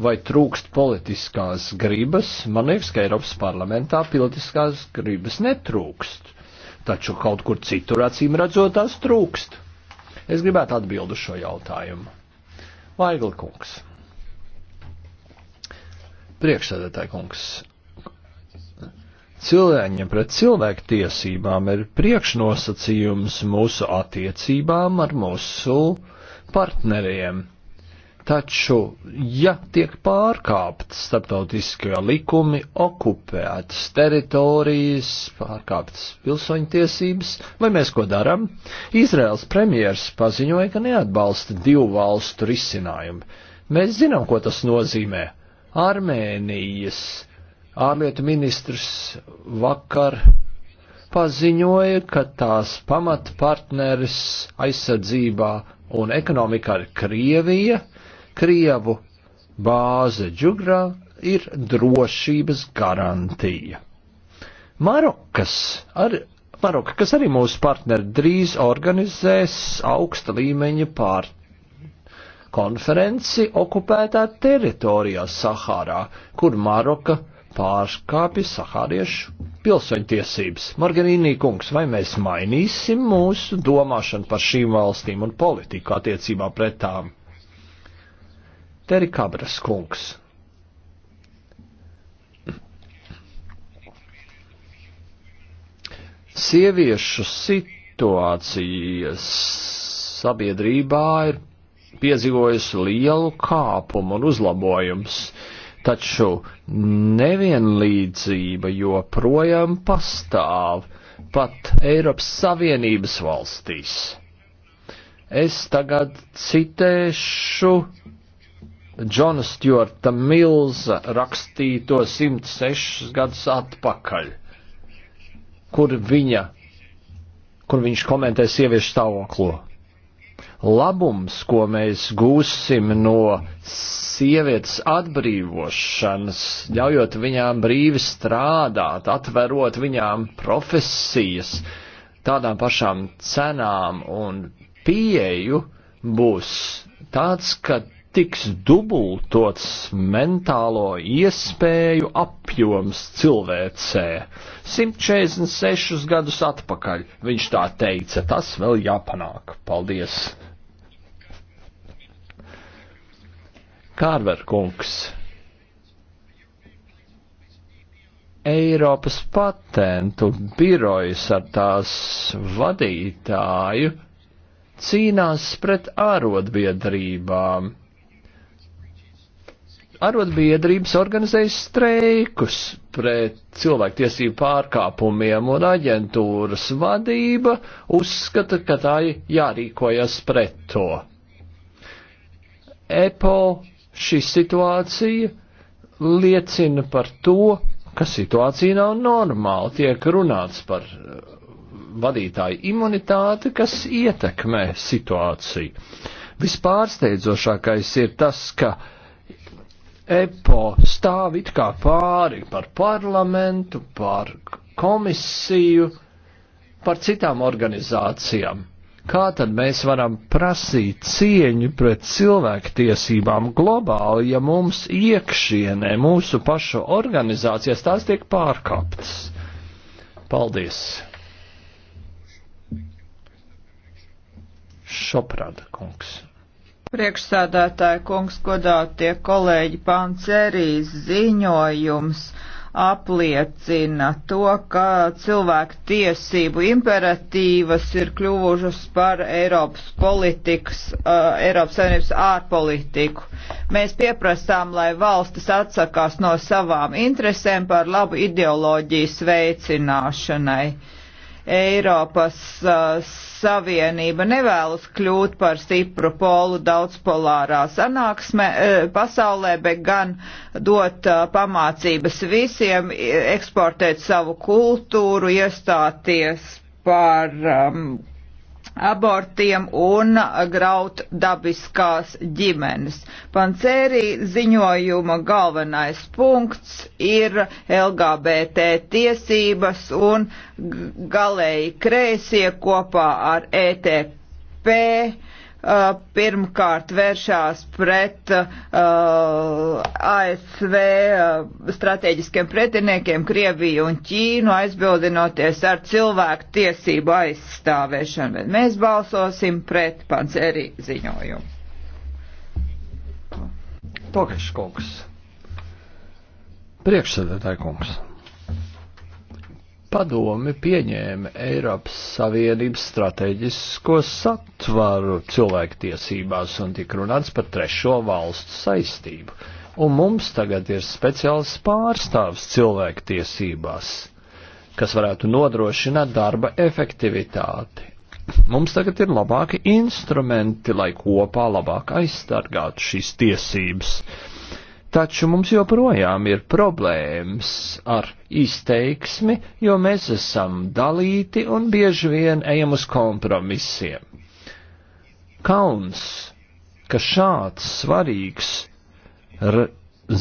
Vai trūkst politiskās gribas? Man liekas, ka Eiropas parlamentā politiskās gribas netrūkst, taču kaut kur citur acīm redzot tās trūkst. Es gribētu atbildu šo jautājumu. Vaigla kungs. Priekšsēdētāji kungs, cilvēkiem pret cilvēku tiesībām ir priekšnosacījums mūsu attiecībām ar mūsu partneriem. Taču, ja tiek pārkāptas starptautiskie likumi, okupētas teritorijas, pārkāptas pilsoņtiesības, vai mēs ko darām? Izraels premjers paziņoja, ka neatbalsta divu valstu risinājumu. Mēs zinām, ko tas nozīmē. Armēnijas ārlietu ministrs vakar paziņoja, ka tās pamatpartneris aizsardzībā un ekonomikā ir Krievija, Krievu bāze Džugrā ir drošības garantija. Marokas ar Maroka, kas arī mūsu partneri drīz organizēs augsta līmeņa pār, konferenci okupētā teritorijā Sahārā, kur Maroka pārskāpja sahāriešu pilsoņtiesības. Margarīnī kungs, vai mēs mainīsim mūsu domāšanu par šīm valstīm un politiku attiecībā pret tām? Teri Kabras kungs. Sieviešu situācijas sabiedrībā ir piedzīvojusi lielu kāpumu un uzlabojumus, taču nevienlīdzība joprojām pastāv pat Eiropas Savienības valstīs. Es tagad citēšu Džona Stjorta Milza rakstīto 106 gadus atpakaļ, kur viņa, kur viņš komentē sieviešu stāvoklo labums, ko mēs gūsim no sievietes atbrīvošanas, ļaujot viņām brīvi strādāt, atverot viņām profesijas, tādām pašām cenām un pieeju, būs tāds, ka tiks dubultots mentālo iespēju apjoms cilvēcē. 146 gadus atpakaļ viņš tā teica, tas vēl jāpanāk. Paldies! Kārver kungs. Eiropas patentu birojas ar tās vadītāju cīnās pret ārotbiedrībām. Arotbiedrības organizēja streikus pret cilvēktiesību pārkāpumiem, un aģentūras vadība uzskata, ka tā jārīkojas pret to. EPO Šī situācija liecina par to, ka situācija nav normāla. Tiek runāts par eh, vadītāju imunitāti, kas ietekmē situāciju. Vispārsteidzošākais ir tas, ka EPO stāv it kā pāri par parlamentu, par komisiju, par citām organizācijām. Kā tad mēs varam prasīt cieņu pret cilvēktiesībām globāli, ja mums iekšienē, mūsu pašu organizācijas tās tiek pārkāptas? Paldies! Šoprāda kungs. Priekšsādātāja kungs, godātie kolēģi, Pancerijas ziņojums apliecina to, ka cilvēku tiesību imperatīvas ir kļuvušas par Eiropas politikas, uh, Eiropas Savienības ārpolitiku. Mēs pieprasām, lai valstis atsakās no savām interesēm par labu ideoloģijas veicināšanai. Uh, Eiropas uh, Savienība nevēlas kļūt par stipru polu daudzpolārā sanāksme uh, pasaulē, bet gan dot uh, pamācības visiem, eksportēt savu kultūru, iestāties par um, abortiem un graut dabiskās ģimenes. Pancēri ziņojuma galvenais punkts ir LGBT tiesības un galēji kreisie kopā ar ETP Uh, pirmkārt vēršās pret uh, ASV uh, strateģiskiem pretiniekiem Krieviju un Ķīnu, aizbildinoties ar cilvēku tiesību aizstāvēšanu, bet mēs balsosim pret panceri ziņojumu. Pogaišs kungs. Priekšsēdētāji kungs. Padomi pieņēma Eiropas Savienības strateģisko satvaru cilvēktiesībās un tika runāts par trešo valstu saistību. Un mums tagad ir speciāls pārstāvs cilvēktiesībās, kas varētu nodrošināt darba efektivitāti. Mums tagad ir labāki instrumenti, lai kopā labāk aizstargātu šīs tiesības. Taču mums joprojām ir problēmas ar izteiksmi, jo mēs esam dalīti un bieži vien ejam uz kompromisiem. Kauns, ka šāds svarīgs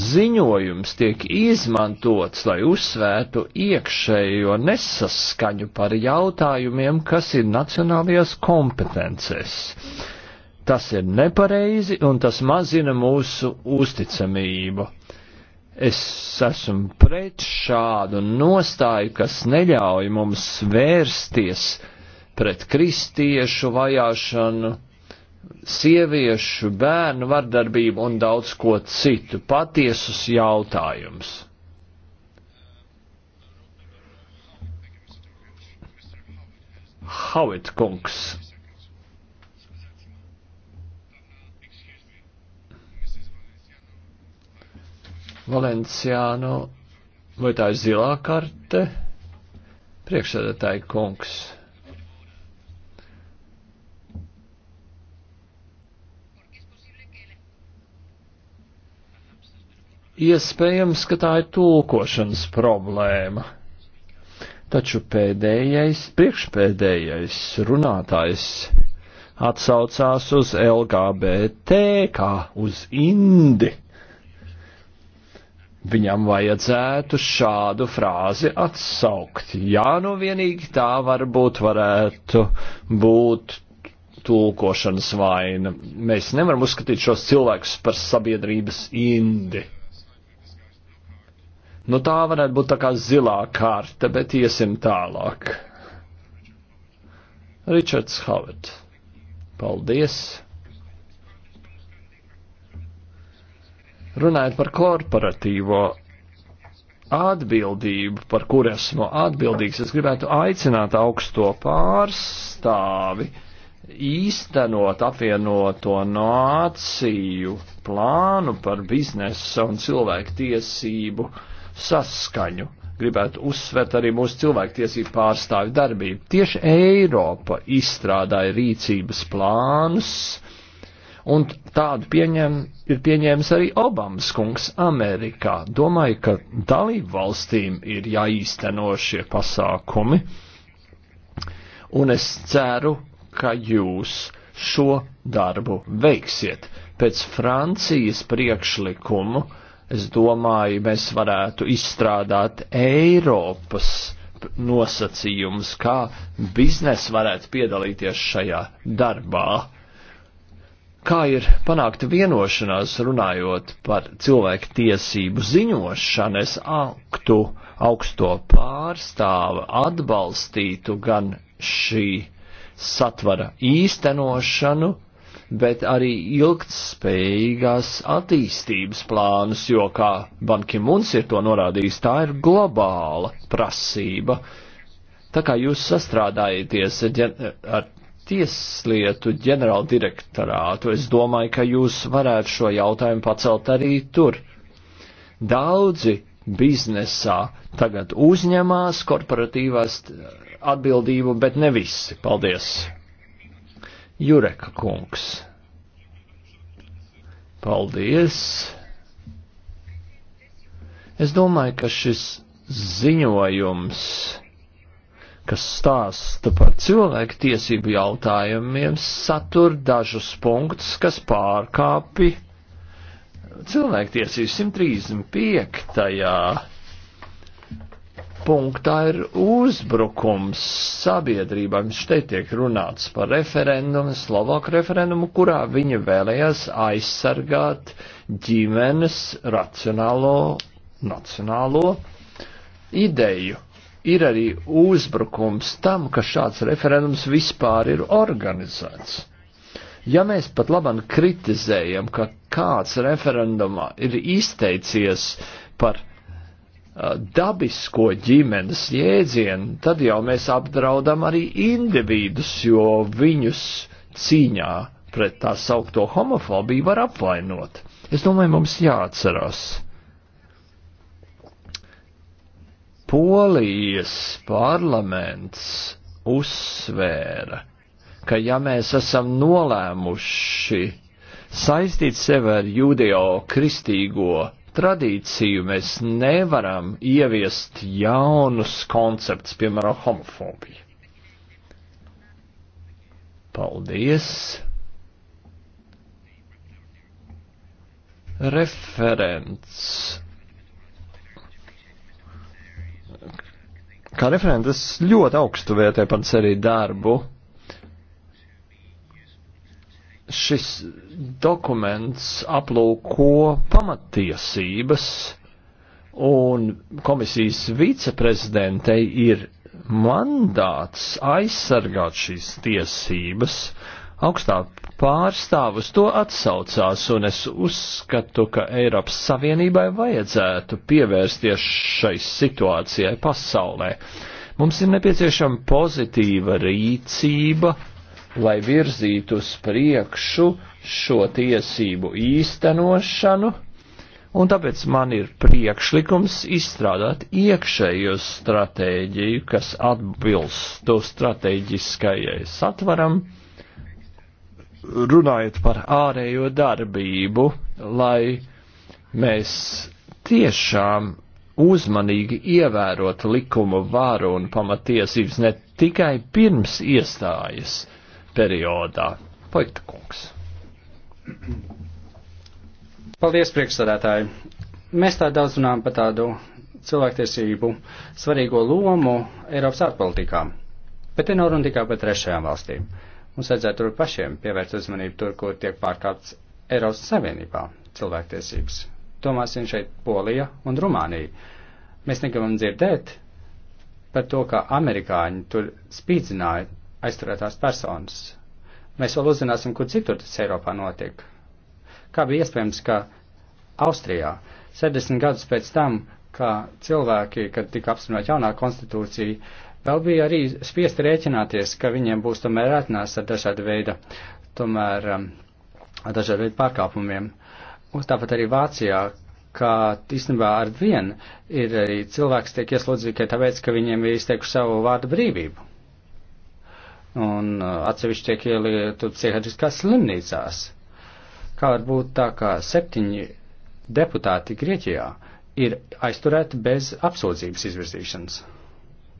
ziņojums tiek izmantots, lai uzsvērtu iekšējo nesaskaņu par jautājumiem, kas ir nacionālajās kompetences Tas ir nepareizi un tas mazina mūsu uzticamību. Es esmu pret šādu nostāju, kas neļauj mums vērsties pret kristiešu vajāšanu, sieviešu, bērnu vardarbību un daudz ko citu. Patiesus jautājums. Howitt kungs Valenciāno, vai tā ir zilā karte? Priekšsēdētāji kungs. Iespējams, ka tā ir tulkošanas problēma. Taču pēdējais, priekšpēdējais runātājs atsaucās uz LGBT kā uz Indi. Viņam vajadzētu šādu frāzi atsaukt. Jā, nu vienīgi tā varbūt varētu būt tulkošanas vaina. Mēs nevaram uzskatīt šos cilvēkus par sabiedrības indi. Nu tā varētu būt tā kā zilā kārta, bet iesim tālāk. Ričards Havet. Paldies! Runājot par korporatīvo atbildību, par kur esmu atbildīgs, es gribētu aicināt augsto pārstāvi īstenot apvienoto nāciju plānu par biznesa un cilvēku tiesību saskaņu. Gribētu uzsvērt arī mūsu cilvēktiesību pārstāvi darbību. Tieši Eiropa izstrādāja rīcības plānus, uh, Un tādu pieņem, ir pieņēmis arī Obamas kungs Amerikā. Domāju, ka dalību valstīm ir jāīsteno šie pasākumi. Un es ceru, ka jūs šo darbu veiksiet. Pēc Francijas priekšlikumu, es domāju, mēs varētu izstrādāt Eiropas nosacījumus, kā biznes varētu piedalīties šajā darbā kā ir panākta vienošanās runājot par cilvēku tiesību ziņošanas aktu, augsto pārstāvu atbalstītu gan šī satvara īstenošanu, bet arī ilgtspējīgās attīstības plānus, jo, kā Banki Muns ir to norādījis, tā ir globāla prasība. Tā kā jūs sastrādājaties ar tieslietu ģenerāldirektorātu. Es domāju, ka jūs varētu šo jautājumu pacelt arī tur. Daudzi biznesā tagad uzņemās korporatīvās atbildību, bet ne visi. Paldies! Jureka kungs. Paldies! Es domāju, ka šis ziņojums kas stāsta par cilvēku tiesību jautājumiem, satur dažus punktus, kas pārkāpi cilvēktiesību 135. punktā ir uzbrukums sabiedrībām. Šeit tiek runāts par referendumu, Slovāku referendumu, kurā viņi vēlējās aizsargāt ģimenes racionālo, nacionālo ideju ir arī uzbrukums tam, ka šāds referendums vispār ir organizēts. Ja mēs pat labam kritizējam, ka kāds referendumā ir izteicies par dabisko ģimenes jēdzienu, tad jau mēs apdraudam arī individus, jo viņus cīņā pret tā saukto homofobiju var apvainot. Es domāju, mums jāatcerās, Polijas parlaments uzsvēra, ka ja mēs esam nolēmuši saistīt sevi ar jūdeo kristīgo tradīciju, mēs nevaram ieviest jaunus koncepts, piemēram, homofobiju. Paldies! Referents Kā referents ļoti augstu vērtē par arī darbu. Šis dokuments aplūko pamatiesības, un komisijas viceprezidentei ir mandāts aizsargāt šīs tiesības. Augstāk pārstāvus to atsaucās, un es uzskatu, ka Eiropas Savienībai vajadzētu pievērsties šai situācijai pasaulē. Mums ir nepieciešama pozitīva rīcība, lai virzītu uz priekšu šo tiesību īstenošanu, un tāpēc man ir priekšlikums izstrādāt iekšējo stratēģiju, kas atbilstu stratēģiskajai satvaram runājot par ārējo darbību, lai mēs tiešām uzmanīgi ievērot likumu varu un pamatiesības ne tikai pirms iestājas periodā. Paita kungs. Paldies, priekšsādātāji. Mēs tā daudz runājam par tādu cilvēktiesību svarīgo lomu Eiropas ārpolitikām, bet te nav runa tikai par trešajām valstīm. Uh, Mums vajadzētu tur pašiem pievērst uzmanību tur, kur tiek pārkāpts Eiropas Savienībā cilvēktiesības. Domāsim šeit Polija un Rumānija. Mēs negribam dzirdēt par to, kā amerikāņi tur spīdzināja aizturētās personas. Mēs vēl uzzināsim, kur citur tas Eiropā notiek. Kā bija iespējams, ka Austrijā 70 gadus pēc tam, kā cilvēki, kad tika apstiprināta jaunā konstitūcija, Vēl bija arī spiest rēķināties, ka viņiem būs tomēr rēķinās ar dažādu veidu, tomēr um, ar dažādu veidu pārkāpumiem. Un tāpat arī Vācijā, ka īstenībā ar vienu ir arī cilvēks tiek ieslodzīti tikai tāpēc, ka viņiem ir izteikuši savu vārdu brīvību. Un uh, atsevišķi tiek ielietu psihiatriskās slimnīcās. Kā var būt tā, ka septiņi deputāti Grieķijā ir aizturēti bez apsūdzības izvirzīšanas?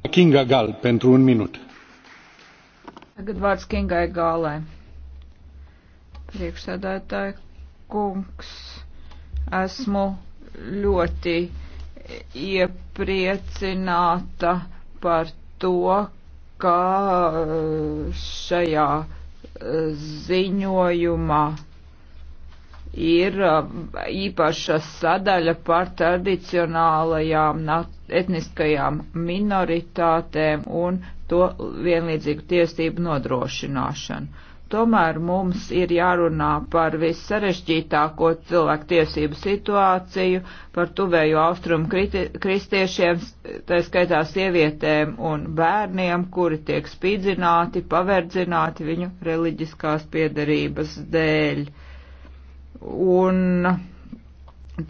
Kinga Gal, pentru un minut. Tagad vārds Kingai Gālē. Priekšsēdētāji kungs, esmu ļoti iepriecināta par to, ka eh, šajā eh, ziņojumā ir eh, īpaša sadaļa par tradicionālajām NATO etniskajām minoritātēm un to vienlīdzīgu tiesību nodrošināšanu. Tomēr mums ir jārunā par vissarežģītāko cilvēku tiesību situāciju, par tuvējo austrumu kristiešiem, tā skaitā sievietēm un bērniem, kuri tiek spīdzināti, paverdzināti viņu reliģiskās piedarības dēļ. Un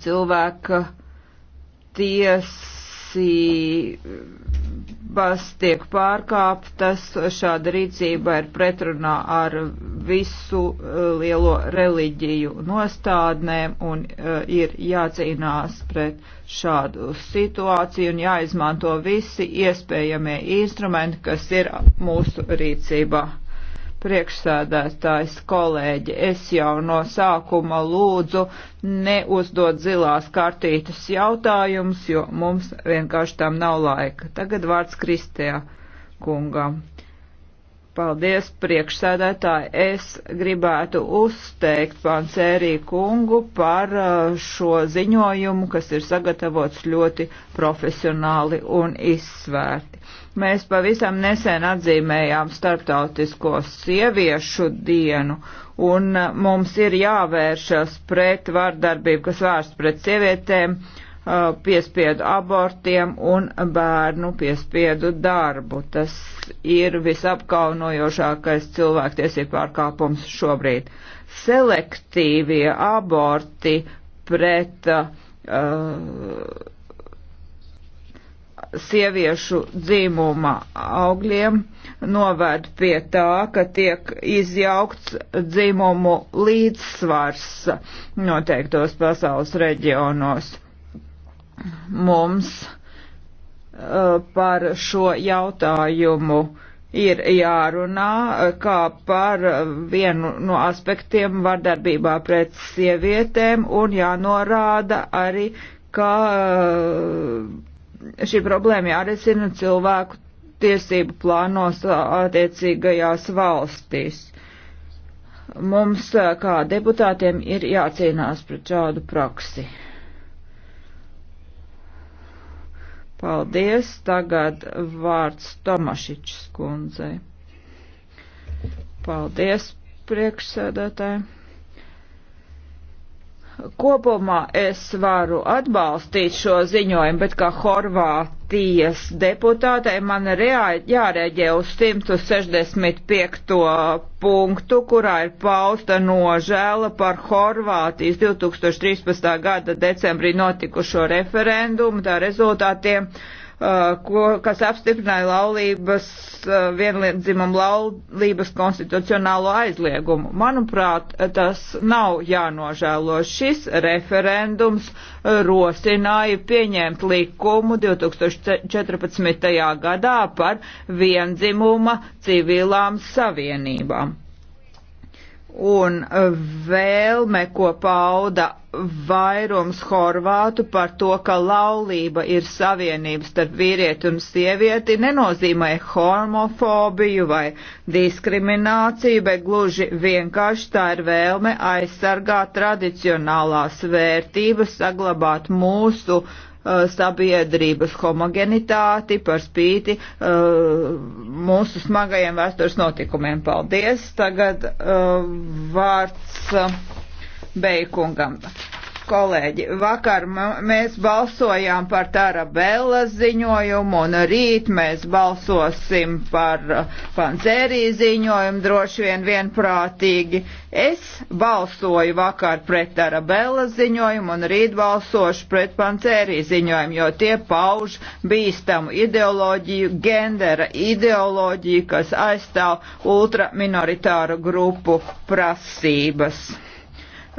cilvēka tiesa tiesības tiek pārkāptas, šāda rīcība ir pretrunā ar visu eh, lielo reliģiju nostādnēm un eh, ir jācīnās pret šādu situāciju un jāizmanto visi iespējamie instrumenti, kas ir mūsu rīcībā priekšsēdētājs kolēģi, es jau no sākuma lūdzu neuzdot zilās kartītes jautājumus, jo mums vienkārši tam nav laika. Tagad vārds Kristē kungam. Paldies, priekšsēdētāji. Es gribētu uzteikt Pansērī kungu par uh, šo ziņojumu, kas ir sagatavots ļoti profesionāli un izsvērti. Mēs pavisam nesen atzīmējām Startautisko sieviešu dienu, un uh, mums ir jāvēršas pret vardarbību, kas vērsts pret sievietēm. Uh, Uh, piespiedu abortiem un bērnu piespiedu darbu. Tas ir visapkaunojošākais cilvēktiesību pārkāpums šobrīd. Selektīvie aborti pret uh, sieviešu dzīmuma augļiem noved pie tā, ka tiek izjaukts dzīmumu līdzsvars noteiktos pasaules reģionos mums uh, par šo jautājumu ir jārunā, uh, kā par vienu no aspektiem vardarbībā pret sievietēm un jānorāda arī, ka uh, šī problēma jārisina cilvēku tiesību plānos attiecīgajās valstīs. Mums kā deputātiem ir jācīnās pret šādu praksi. Paldies. Tagad vārds Tomašičs kundzei. Paldies, priekšsēdētāji. Kopumā es varu atbalstīt šo ziņojumu, bet kā Horvāti partijas deputātei man reā, jārēģē uz 165. punktu, kurā ir pausta nožēla par Horvātijas 2013. gada decembrī notikušo referendumu, tā rezultātiem. Ja Uh, ko, kas apstiprināja laulības, uh, vienlīdzīmumu laulības konstitucionālo aizliegumu. Manuprāt, tas nav jānožēlo. Šis referendums uh, rosināja pieņemt likumu 2014. gadā par vienzimuma civilām savienībām un e, vēlme, ko pauda vairums horvātu par to, ka laulība ir savienība starp vīrieti un sievieti, nenozīmē homofobiju vai diskrimināciju, bet gluži vienkārši tā ir vēlme aizsargāt tradicionālās vērtības, saglabāt mūsu uh, Uh, sabiedrības homogenitāti par spīti uh, mūsu smagajiem vēstures notikumiem. Paldies! Tagad uh, vārds uh, Beikungam kolēģi, vakar mēs balsojām par Tarabella ziņojumu un rīt mēs balsosim par uh, Pancerī ziņojumu droši vien vienprātīgi. Es balsoju vakar pret Tarabella ziņojumu un rīt balsošu pret Pancerī ziņojumu, jo tie pauž bīstamu ideoloģiju, gendera ideoloģiju, kas aizstāv ultraminoritā minoritāru grupu prasības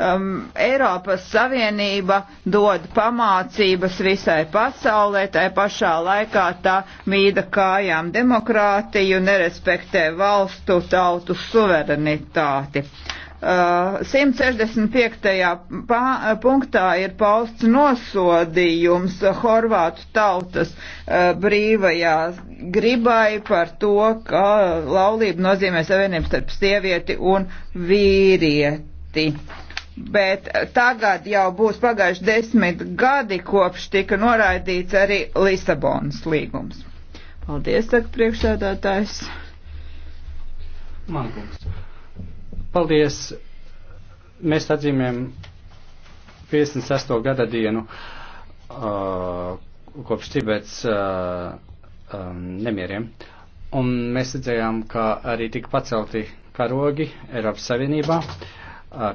um, Eiropas Savienība dod pamācības visai pasaulē, tai pašā laikā tā mīda kājām demokrātiju, nerespektē valstu tautu suverenitāti. Uh, 165. Pā, punktā ir pausts nosodījums Horvātu tautas uh, brīvajā gribai par to, ka laulība nozīmē savienības starp sievieti un vīrieti bet tagad jau būs pagājuši desmit gadi, kopš tika noraidīts arī Lisabonas līgums. Paldies, saka priekšsēdētājs. Man kungs. Paldies. Mēs atzīmējam 56. gada dienu uh, kopš Tibets uh, um, nemieriem. Un mēs redzējām, ka arī tika pacelti karogi Eiropas Savienībā. Uh,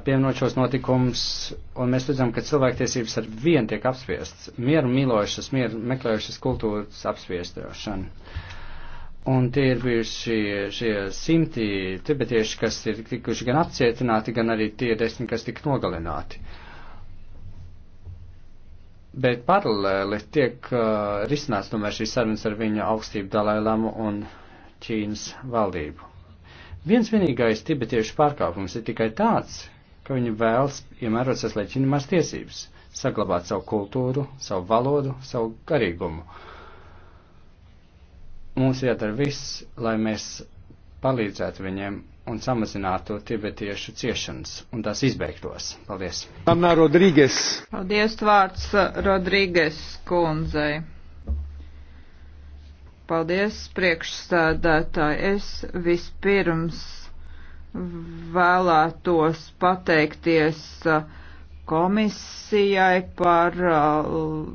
pieminot šos notikumus, un mēs redzam, ka cilvēktiesības ar vienu tiek apspiestas. Mieru mīlošas, mieru meklējušas kultūras apspiestāšana. Un tie ir bijuši šie, šie simti tibetieši, kas ir tikuši gan apcietināti, gan arī tie desmit, kas tika nogalināti. Bet paralēli tiek uh, risināts tomēr šīs sarunas ar viņa augstību Dalailamu un Ķīnas valdību. Viens vienīgais tibetiešu pārkāpums ir tikai tāds, ka viņi vēlas iemērot saslēķinamās tiesības, saglabāt savu kultūru, savu valodu, savu garīgumu. Mums jādara viss, lai mēs palīdzētu viņiem un samazinātu tibetiešu ciešanas un tās izbeigtos. Paldies. Anna Rodrīgas. Paldies vārds Rodrīgas kundzei. Paldies, priekšsēdētāji. Es vispirms vēlētos pateikties uh, komisijai par uh,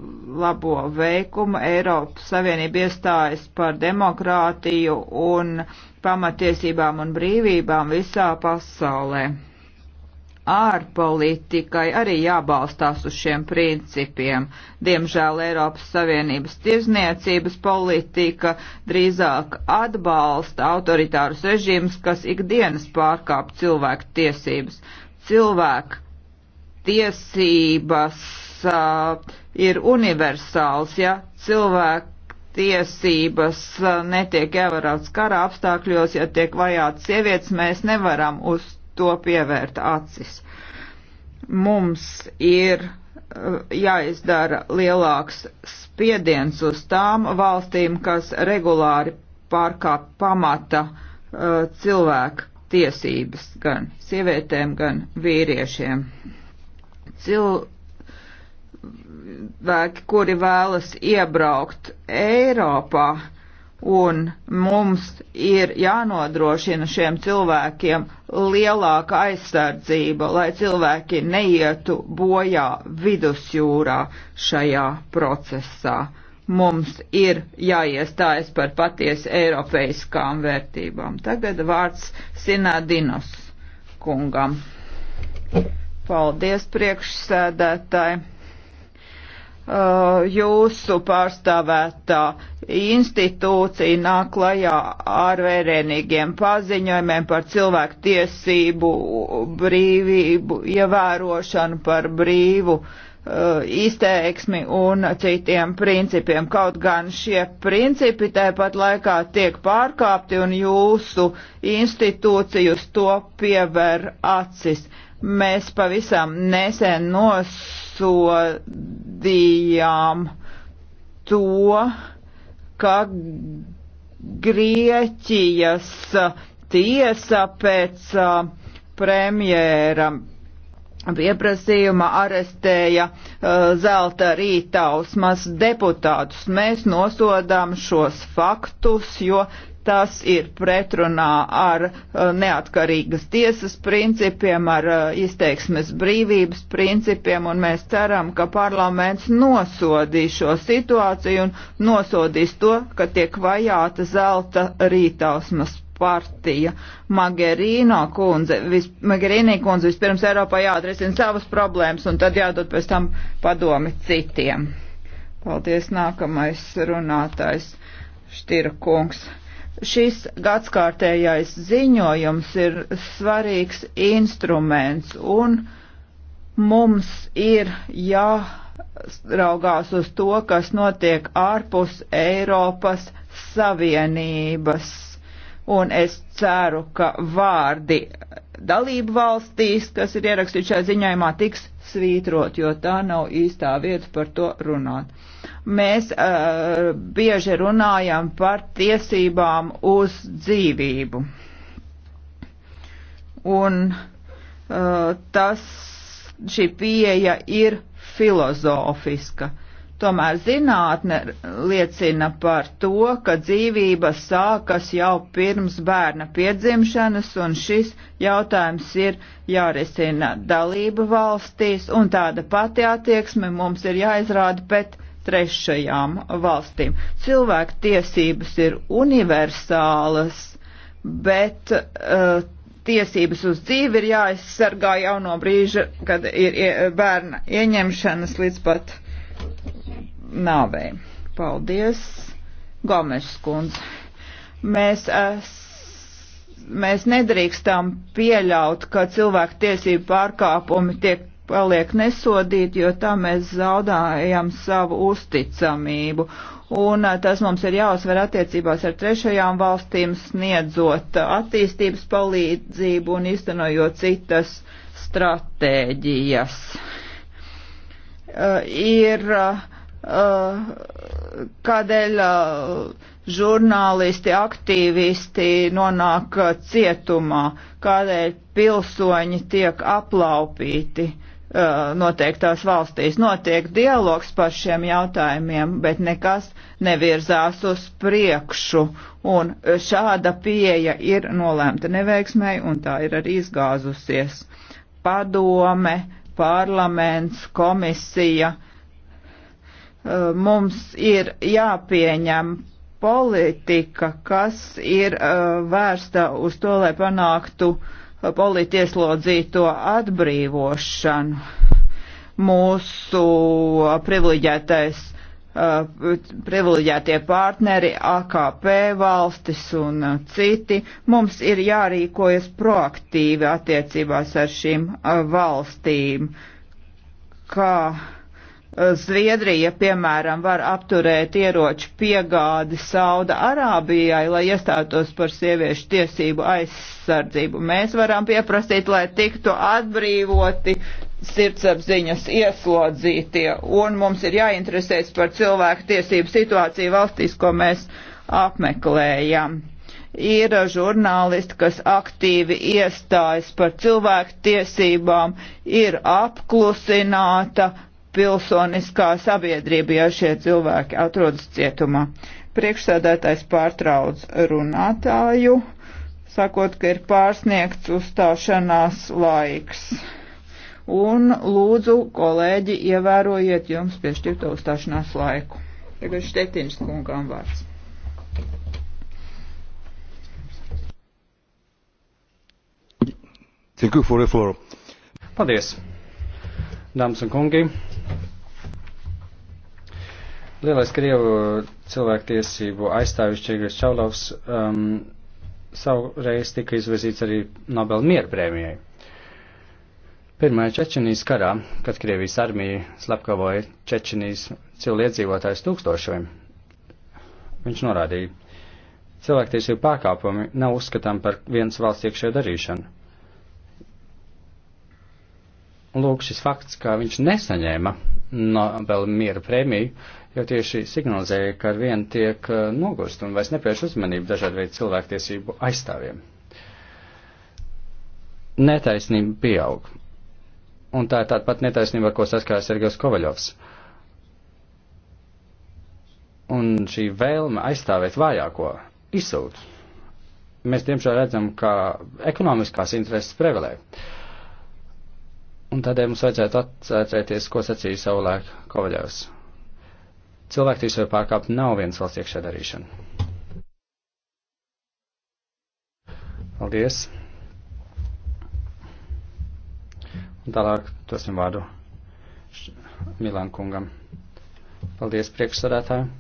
labo veikumu. Eiropas Savienība iestājas par demokrātiju un pamatiesībām un brīvībām visā pasaulē ārpolitikai arī jābalstās uz šiem principiem. Diemžēl Eiropas Savienības tirzniecības politika drīzāk atbalsta autoritārus režīmus, kas ikdienas pārkāp cilvēku tiesības. Cilvēku tiesības uh, ir universāls, ja cilvēku tiesības netiek ievērotas kara apstākļos, ja tiek vajāts sievietes, mēs nevaram uz to pievērt acis. Mums ir uh, jāizdara lielāks spiediens uz tām valstīm, kas regulāri pārkāp pamata uh, cilvēku tiesības gan sievietēm, gan vīriešiem. Cilvēki, kuri vēlas iebraukt Eiropā, Un mums ir jānodrošina šiem cilvēkiem lielāka aizsardzība, lai cilvēki neietu bojā vidusjūrā šajā procesā. Mums ir jāiestājas par patiesi eiropeiskām vērtībām. Tagad vārds Sinadinos kungam. Paldies priekšsēdētāji. Uh, jūsu pārstāvētā institūcija nāk klajā ar vērienīgiem paziņojumiem par cilvēku tiesību, brīvību, ievērošanu par brīvu uh, izteiksmi un citiem principiem. Kaut gan šie principi tāpat laikā tiek pārkāpti un jūsu institūcijas to piever acis. Uh, Mēs pavisam nesen nosodījām to, ka Grieķijas tiesa pēc premjēra pieprasījuma arestēja uh, zelta rītausmas deputātus. Mēs nosodām šos faktus, jo Tas ir pretrunā ar uh, neatkarīgas tiesas principiem, ar uh, izteiksmes brīvības principiem, un mēs ceram, ka parlaments nosodīs šo situāciju un nosodīs to, ka tiek vajāta zelta rītausmas partija. Magerīno kundze, vis, Magerīnī kundze vispirms Eiropā jāatrisina savas problēmas, un tad jādod pēc tam padomi citiem. Paldies, nākamais runātājs Štira kungs. Šis gadskārtējais ziņojums ir svarīgs instruments un mums ir jāraugās uz to, kas notiek ārpus Eiropas Savienības. Un es ceru, ka vārdi dalību valstīs, kas ir ierakstīti šajā ziņojumā, tiks svītrot, jo tā nav īstā vieta par to runāt. Mēs uh, bieži runājam par tiesībām uz dzīvību. Un uh, tas, šī pieeja ir filozofiska. Tomēr zinātne liecina par to, ka dzīvība sākas jau pirms bērna piedzimšanas, un šis jautājums ir jārisina dalību valstīs, un tāda pati attieksme mums ir jāizrāda pēc trešajām valstīm. Cilvēku tiesības ir universālas, bet uh, tiesības uz dzīvi ir jāaizsargā jau no brīža, kad ir bērna ieņemšanas līdz pat nāvei. Paldies, Gomes kundze. Mēs esam mēs nedrīkstam pieļaut, ka cilvēku tiesību pārkāpumi tiek paliek nesodīti, jo tam mēs zaudējam savu uzticamību. Un tas mums ir jāuzsver attiecībās ar trešajām valstīm, sniedzot attīstības palīdzību un iztenojot citas stratēģijas. Uh, ir uh, kādēļ žurnālisti, aktīvisti nonāk cietumā, kādēļ pilsoņi tiek aplaupīti. Uh, noteiktās valstīs. Notiek dialogs par šiem jautājumiem, bet nekas nevirzās uz priekšu. Un šāda pieeja ir nolēmta neveiksmēji, un tā ir arī izgāzusies. Padome, parlaments, komisija. Mums ir jāpieņem politika, kas ir vērsta uz to, lai panāktu uh, politieslodzīto atbrīvošanu. Mūsu uh, privileģētais, uh, privileģētie partneri, AKP valstis un uh, citi, mums ir jārīkojas proaktīvi attiecībās ar šīm valstīm, kā Eh, Zviedrija, piemēram, var apturēt ieroču piegādi Sauda Arābijai, lai iestātos par sieviešu tiesību aizsardzību. Mēs varam pieprasīt, lai tiktu atbrīvoti sirdsapziņas ieslodzītie, un mums ir jāinteresēs par cilvēku tiesību situāciju valstīs, ko mēs apmeklējam ir žurnālisti, kas aktīvi iestājas par cilvēku tiesībām, ir apklusināta, pilsoniskā sabiedrība, ja šie cilvēki atrodas cietumā. Priekšsēdētājs pārtrauc runātāju, sakot, ka ir pārsniegts uzstāšanās laiks. Un lūdzu, kolēģi, ievērojiet jums piešķirto uzstāšanās laiku. Tagad Štetins kungām vārds. Thank you for the floor. Paldies. Dāmas un kungi, Lielais Krievu cilvēktiesību aizstāvis Čegris Čaulovs um, savreiz tika izvirzīts arī Nobel miera prēmijai. Pirmajā Čečenijas karā, kad Krievijas armija slepkavoja Čečenijas cilvēdzīvotājs tūkstošiem, viņš norādīja, cilvēktiesību pārkāpumi nav uzskatām par vienas valsts iekšējo darīšanu. Lūk, šis fakts, kā viņš nesaņēma Nobel miera prēmiju, uh, jau tieši signalizēja, ka ar vienu tiek eh, nogurst un vairs nepievērš uzmanību dažādu veidu cilvēktiesību aizstāvjiem. Netaisnība pieaug. Un tā ir tāda pat netaisnība, ar ko saskārās Sergejs Kovaļovs. Un šī vēlme aizstāvēt vājāko izsūt. Mēs diemžēl redzam, ka ekonomiskās intereses prevalē. Un tādēļ mums vajadzētu atcerēties, ko sacīja savulaik Kovaļovs cilvēktiesību pārkāpumi nav viens valsts iekšē darīšana. Paldies! Un tālāk dosim vārdu Milan kungam. Paldies priekšsarētāju!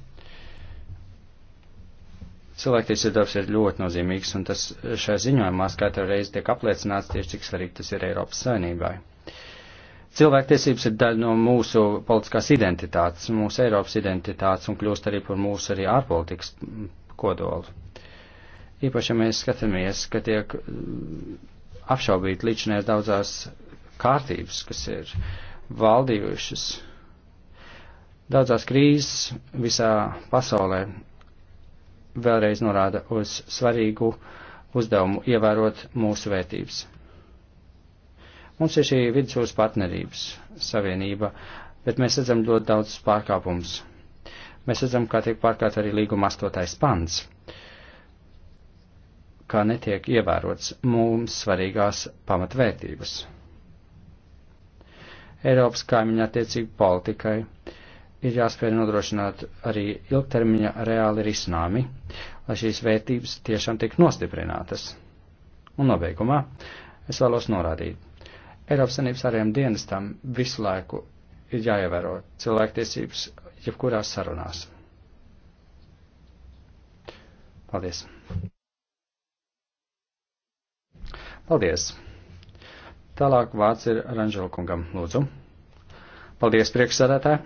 Cilvēktiesību darbs ir ļoti nozīmīgs, un tas šajā ziņojumā skatā reiz tiek apliecināts tieši, cik svarīgi tas ir Eiropas saimnībai. Uh, Cilvēktiesības ir daļa no mūsu politiskās identitātes, mūsu Eiropas identitātes un kļūst arī par mūsu arī ārpolitikas kodolu. Īpaši, ja mēs skatāmies, ka tiek mm, apšaubīt līdzinās daudzās kārtības, kas ir valdījušas, daudzās krīzes visā pasaulē, vēlreiz norāda uz svarīgu uzdevumu ievērot mūsu vērtības. Mums ir šī vidusjūras partnerības savienība, bet mēs redzam ļoti daudz pārkāpumus. Mēs redzam, kā tiek pārkārt arī līguma astotais pants, kā netiek ievērots mums svarīgās pamatvērtības. Eiropas kaimiņa attiecību politikai ir jāspēj nodrošināt arī ilgtermiņa reāli risinājumi, lai šīs vērtības tiešām tik nostiprinātas. Un nobeigumā es vēlos norādīt, Eiropas Sanības ārējiem dienestam visu laiku ir jāievēro cilvēktiesības jebkurās sarunās. Paldies! Paldies! Tālāk vārds ir Ranželkungam, lūdzu. Paldies, priekšsēdētāji!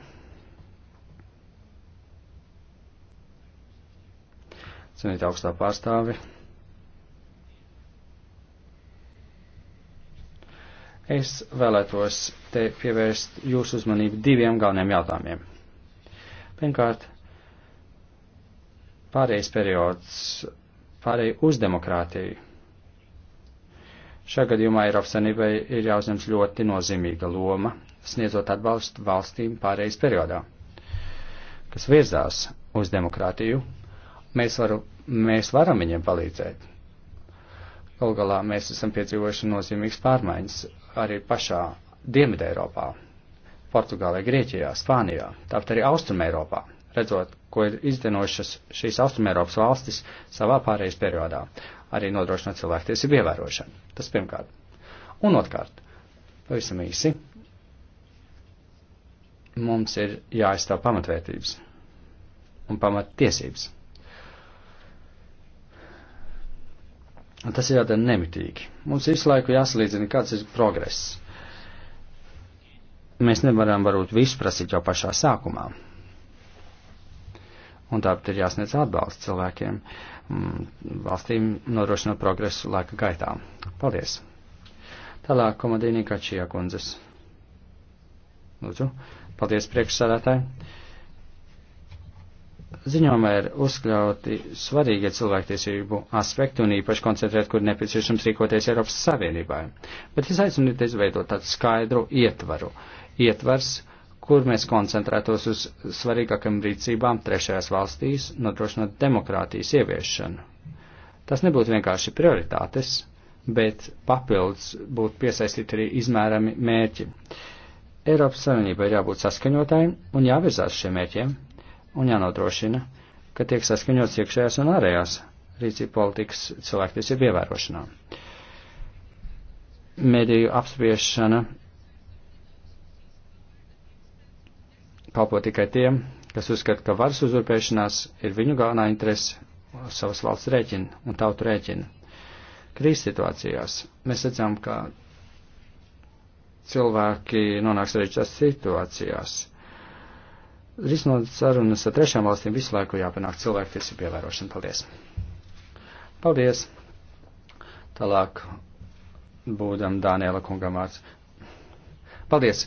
Cienīt augstā pārstāvi! Es vēlētos te pievērst jūsu uzmanību diviem galveniem jautājumiem. Pirmkārt, pārējais periods, pārēj uz demokrātiju. Šā gadījumā Eiropas Sanībai ir jāuzņems ļoti nozīmīga loma, sniedzot atbalstu valstīm pārējais periodā, kas virzās uz demokrātiju. Mēs, varu, mēs varam viņiem palīdzēt. Galu galā mēs esam piedzīvojuši nozīmīgas pārmaiņas arī pašā Dienvidē Eiropā, Portugālē, Grieķijā, Spānijā, tāpat arī Austrumē Eiropā, redzot, ko ir izdenošas šīs Austrumē Eiropas valstis savā pārējais periodā, arī nodrošinot cilvēktiesību ievērošanu. Tas pirmkārt. Un otrkārt, pavisam īsi, mums ir jāaizstāv pamatvērtības un pamattiesības. Tas ir jādara nemitīgi. Mums visu laiku jāsalīdzina, kāds ir progress. Mēs nevaram varbūt visu prasīt jau pašā sākumā. Un tāpēc ir jāsniedz atbalsts cilvēkiem, mm, valstīm nodrošinot progresu laika gaitā. Paldies! Tālāk komandīnī Kačijā kundzes. Lūdzu, paldies priekšsādātāji! ziņojumā ir uzskļauti svarīgie cilvēktiesību aspekti un īpaši koncentrēt, kur nepieciešams rīkoties Eiropas Savienībā. Bet es aicinu izveidot tādu skaidru ietvaru. Ietvars, kur mēs koncentrētos uz svarīgākam rīcībām trešajās valstīs, nodrošinot demokrātijas ieviešanu. Tas nebūtu vienkārši prioritātes, bet papildus būtu piesaistīti arī izmērami mērķi. Eiropas Savienībai jābūt saskaņotājiem un jāvirzās šiem mērķiem, un jānodrošina, ka tiek saskaņots iekšējās un ārējās rīcība politikas cilvēktiesību ievērošanā. Mediju apspiešana kalpo tikai tiem, kas uzskata, ka varas uzurpēšanās ir viņu galvenā interese savas valsts rēķina un tautu rēķina. Krīzes situācijās mēs redzam, ka cilvēki nonāk sarežģītās situācijās risinot sarunas ar trešām valstīm, visu laiku jāpanāk cilvēku tiesību ievērošana. Paldies! Paldies! Tālāk būdam Dāniela kungam vārds. Paldies!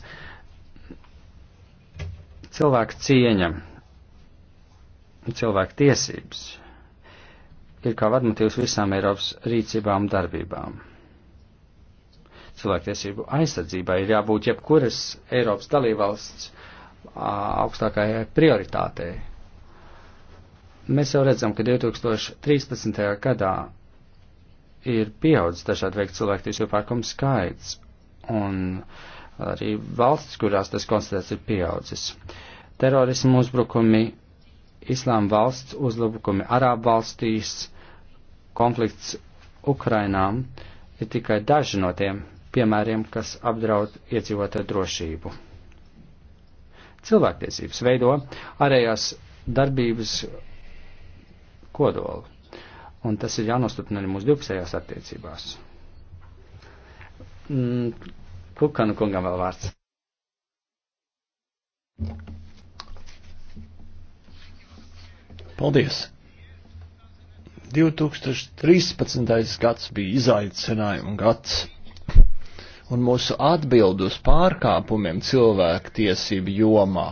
Cilvēku cieņa, cilvēku tiesības ir kā vadmotīvs visām Eiropas rīcībām un darbībām. Cilvēktiesību aizsardzībai ir jābūt jebkuras Eiropas dalībvalsts augstākajai prioritātei. Mēs jau redzam, ka 2013. gadā ir pieaudzis dažādi veidi cilvēktiesību pārkumu skaits, un arī valstis, kurās tas konstatēts, ir pieaudzis. Terorismu uzbrukumi, islāma valsts uzbrukumi Arābu valstīs, konflikts Ukrainā ir tikai daži no tiem piemēriem, kas apdraud iedzīvotāju drošību. Cilvēktiesības veido ārējās darbības kodolu, un tas ir jānostiprina arī mūsu divpusējās attiecībās. Kukanu mm, kungam vēl vārds. Paldies! 2013. gads bija izaicinājuma gads un mūsu atbildi uz pārkāpumiem cilvēku tiesību jomā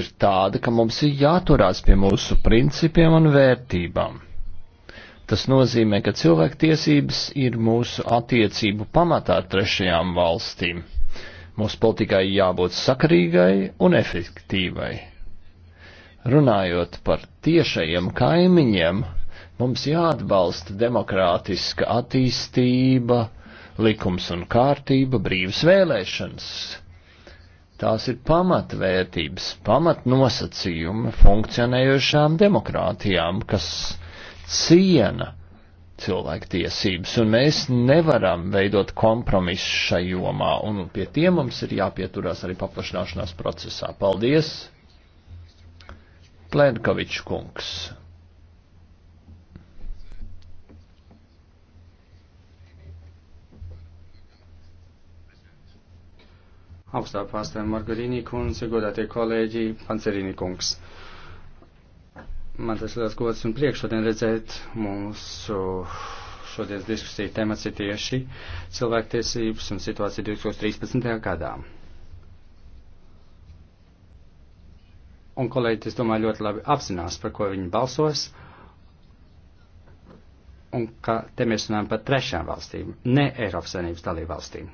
ir tāda, ka mums ir jāturās pie mūsu principiem un vērtībām. Tas nozīmē, ka cilvēktiesības ir mūsu attiecību pamatā ar trešajām valstīm. Mūsu politikai jābūt sakarīgai un efektīvai. Runājot par tiešajiem kaimiņiem, mums jāatbalsta demokrātiska attīstība, likums un kārtība, brīvas vēlēšanas. Tās ir pamatvērtības, pamatnosacījumi funkcionējošām demokrātijām, kas ciena cilvēktiesības, un mēs nevaram veidot kompromisu šai jomā, un pie tiem mums ir jāpieturās arī paplašināšanās procesā. Paldies! Plenkovičs kungs. augstā pārstāvja Margarīnī kundze, godātie kolēģi, Pancerīnī kungs. Man tas liels gods un prieks šodien redzēt mūsu šodienas diskusiju temats ir tieši cilvēktiesības un situācija 2013. gadā. Un kolēģi, es domāju, ļoti labi apzinās, par ko viņi balsos un ka te mēs runājam par trešām valstīm, ne Eiropas Savienības dalību valstīm.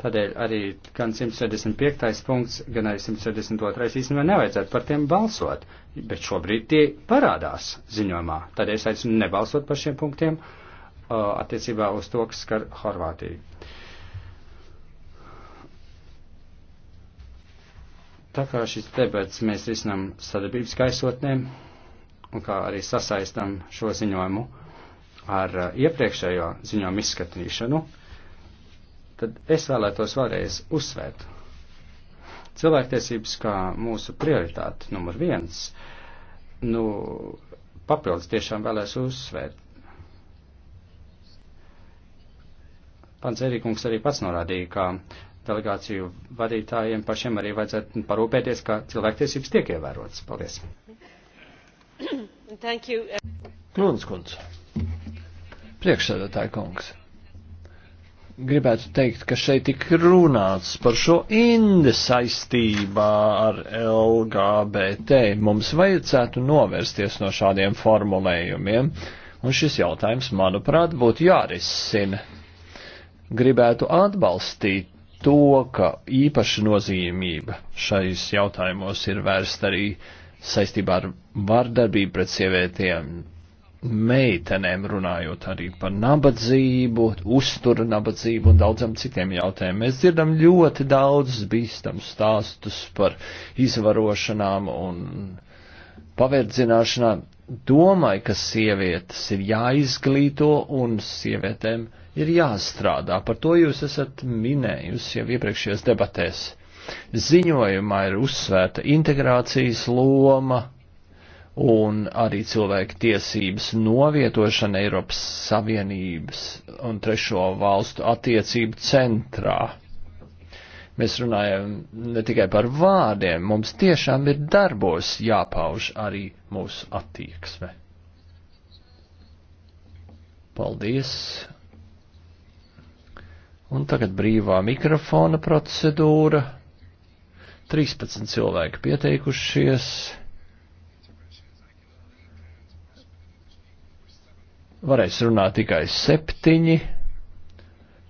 Tādēļ arī gan 165. punkts, gan arī 162. īstenībā nevajadzētu par tiem balsot, bet šobrīd tie parādās ziņojumā. Tādēļ es aicinu nebalsot par šiem punktiem attiecībā uz to, kas skar Horvātiju. Tā kā šis debats mēs risinām sadarbības gaisotnēm un kā arī sasaistam šo ziņojumu ar iepriekšējo ziņojumu izskatīšanu, tad es vēlētos vēlreiz uzsvērt cilvēktiesības kā mūsu prioritāte numur viens. Nu, papildus tiešām vēlēs uzsvērt. Pants Erikungs arī pats norādīja, ka delegāciju vadītājiem pašiem arī vajadzētu parūpēties, ka cilvēktiesības tiek ievērotas. Paldies. Thank you. Klūns kundze. Priekšsēdētāja kungs gribētu teikt, ka šeit tik runāts par šo inde saistībā ar LGBT. Mums vajadzētu novērsties no šādiem formulējumiem, un šis jautājums, manuprāt, būtu jārisina. Gribētu atbalstīt to, ka īpaša nozīmība šais jautājumos ir vērsta arī saistībā ar vardarbību pret sievietiem, meitenēm runājot arī par nabadzību, uzturu nabadzību un daudzam citiem jautājumiem. Mēs dzirdam ļoti daudz bīstams stāstus par izvarošanām un paverdzināšanām. Domāju, ka sievietes ir jāizglīto un sievietēm ir jāstrādā. Par to jūs esat minējusi jau iepriekšējās debatēs. Ziņojumā ir uzsvērta integrācijas loma, un arī cilvēku tiesības novietošana Eiropas Savienības un trešo valstu attiecību centrā. Mēs runājam ne tikai par vārdiem, mums tiešām ir darbos jāpauž arī mūsu attieksme. Paldies! Un tagad brīvā mikrofona procedūra. 13 cilvēki pieteikušies. varēs runāt tikai septiņi.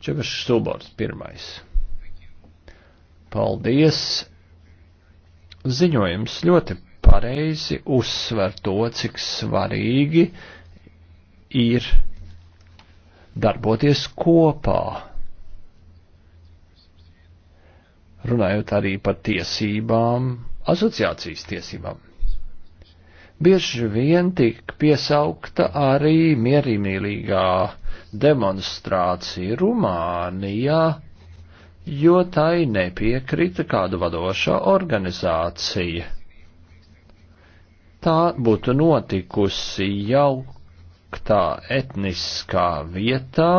Čepašs Stulborns pirmais. Paldies! Ziņojums ļoti pareizi uzsver to, cik svarīgi ir darboties kopā. Runājot arī par tiesībām, asociācijas tiesībām bieži vien tik piesaukta arī mierimīlīgā demonstrācija Rumānijā, jo tai nepiekrita kāda vadošā organizācija. Tā būtu notikusi jauktā etniskā vietā.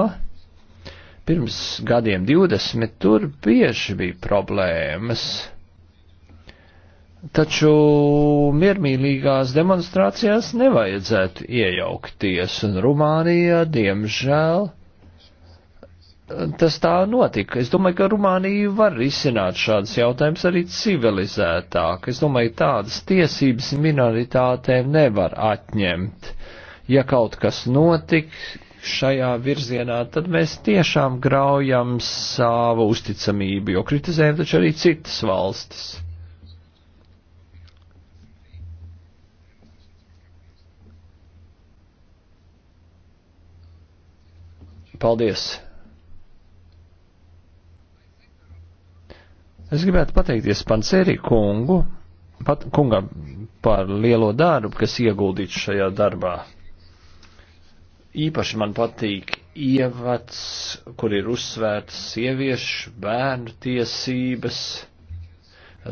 Pirms gadiem 20 tur bieži bija problēmas Taču miermīlīgās demonstrācijās nevajadzētu iejaukties, un Rumānija, diemžēl, tas tā notika. Es domāju, ka Rumānija var risināt šādas jautājumas arī civilizētāk. Es domāju, tādas tiesības minoritātēm nevar atņemt. Ja kaut kas notik šajā virzienā, tad mēs tiešām graujam savu uzticamību, jo kritizējam taču arī citas valstis. Paldies! Es gribētu pateikties Panceri kungu, pat, kungam par lielo darbu, kas ieguldīts šajā darbā. Īpaši man patīk ievads, kur ir uzsvērts sieviešu bērnu tiesības,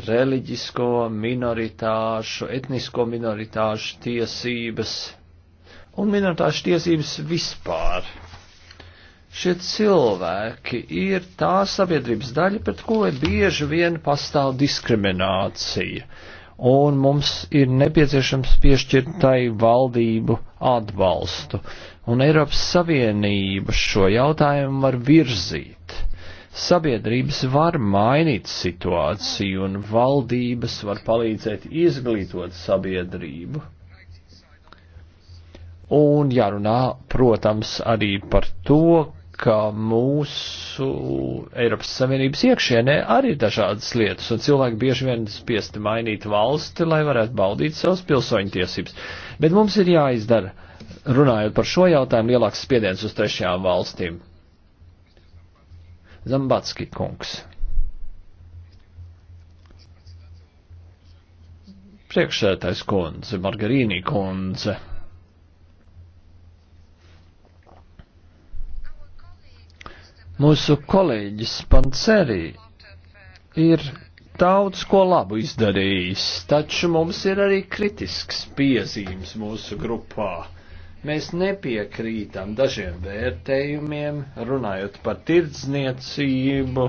reliģisko minoritāšu, etnisko minoritāšu tiesības un minoritāšu tiesības vispār šie cilvēki ir tā sabiedrības daļa, pret ko bieži vien pastāv diskriminācija, un mums ir nepieciešams piešķirt tai valdību atbalstu, un Eiropas Savienība šo jautājumu var virzīt. Sabiedrības var mainīt situāciju, un valdības var palīdzēt izglītot sabiedrību un jārunā, protams, arī par to, ka mūsu Eiropas Savienības iekšienē arī ir dažādas lietas, un cilvēki bieži vien spiesti mainīt valsti, lai varētu baudīt savas pilsoņu tiesības. Bet mums ir jāizdara, runājot par šo jautājumu, lielāks spiediens uz trešajām valstīm. Zambatski kungs. Priekšsētais kundze, Margarīnī kundze. Mūsu kolēģis Pancerī ir daudz ko labu izdarījis, taču mums ir arī kritisks piezīmes mūsu grupā. Mēs nepiekrītam dažiem vērtējumiem, runājot par tirdzniecību,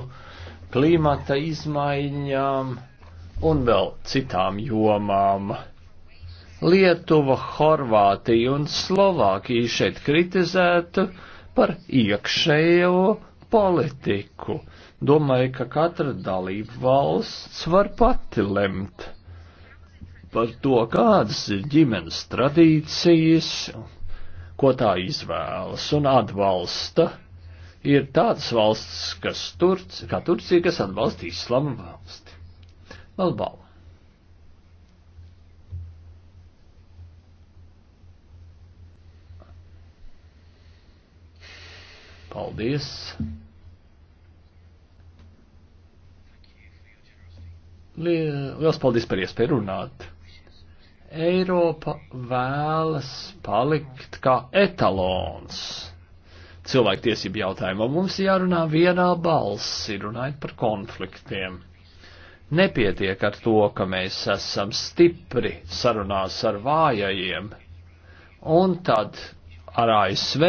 klimata izmaiņām un vēl citām jomām. Lietuva, Horvātija un Slovākija šeit kritizētu par iekšējo politiku. Domāju, ka katra dalība valsts var pati lemt par to, kādas ir ģimenes tradīcijas, ko tā izvēlas un atbalsta. Ir tādas valsts, kas Turci, kā Turcija, kas atbalsta islama valsti. Vēl balva. Paldies! Liels paldies par iespēju runāt. Eiropa vēlas palikt kā etalons. Cilvēktiesību jautājumā mums jārunā vienā balsī, runājot par konfliktiem. Nepietiek ar to, ka mēs esam stipri sarunās ar vājajiem, un tad ar ASV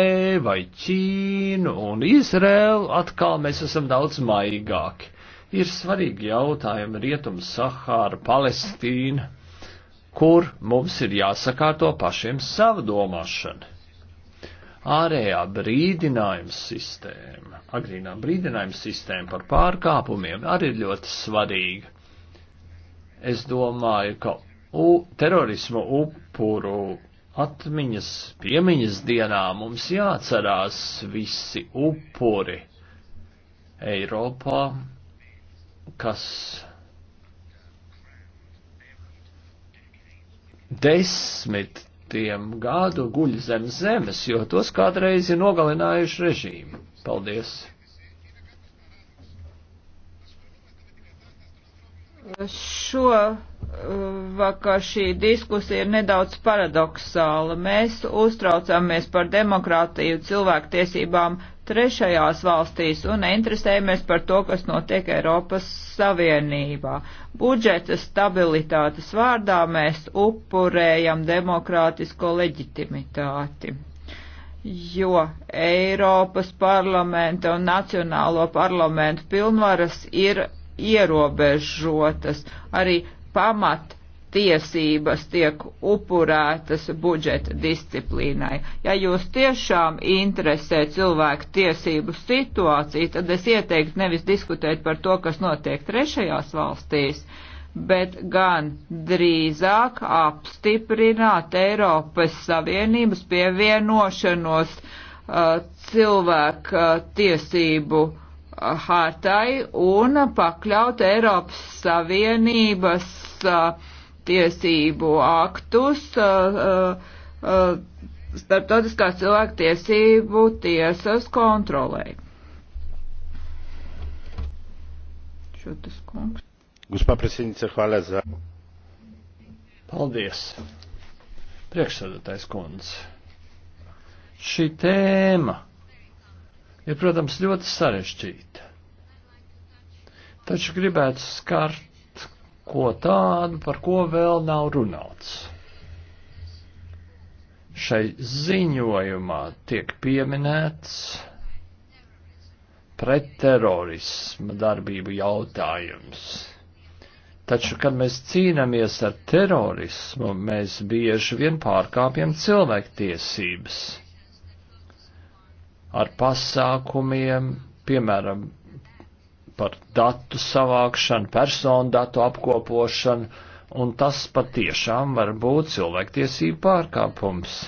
vai Ķīnu un Izrēlu atkal mēs esam daudz maigāki ir svarīgi jautājumi Rietums, Sahāra, Palestīna, kur mums ir jāsakārto pašiem savu domāšanu. Ārējā brīdinājuma sistēma, agrīnā brīdinājuma sistēma par pārkāpumiem arī ir ļoti svarīga. Es domāju, ka u, terorismu upuru atmiņas piemiņas dienā mums jāatcerās visi upuri Eiropā, kas desmitiem gadu guļ zem zemes, jo tos kādreiz ir nogalinājuši režīmi. Paldies! Šo uh, vakar šī diskusija ir nedaudz paradoxāla. Mēs uztraucamies par demokrātiju, cilvēktiesībām, trešajās valstīs un neinteresējamies par to, kas notiek Eiropas Savienībā. Budžeta stabilitātes vārdā mēs upurējam demokrātisko leģitimitāti, jo Eiropas parlamenta un Nacionālo parlamentu pilnvaras ir ierobežotas. Arī pamat tiesības tiek upurētas budžeta disciplīnai. Ja jūs tiešām interesē cilvēku tiesību situāciju, tad es ieteiktu nevis diskutēt par to, kas notiek trešajās valstīs, bet gan drīzāk apstiprināt Eiropas Savienības pievienošanos uh, cilvēku uh, tiesību uh, hartai un pakļaut Eiropas Savienības uh, tiesību aktus uh, uh, uh, starptautiskās cilvēktiesību tiesas kontrolē. Šutas kungs. Guspā presidents, hvala za. Paldies. Priekšsēdētājs kundze. Šī tēma ir, protams, ļoti sarežģīta. Taču gribētu skart ko tādu, par ko vēl nav runāts. Šai ziņojumā tiek pieminēts pretterorisma darbību jautājums. Taču, kad mēs cīnāmies ar terorismu, mēs bieži vien pārkāpjam cilvēktiesības ar pasākumiem, piemēram, par datu savākšanu, personu datu apkopošanu, un tas patiešām var būt cilvēktiesību pārkāpums.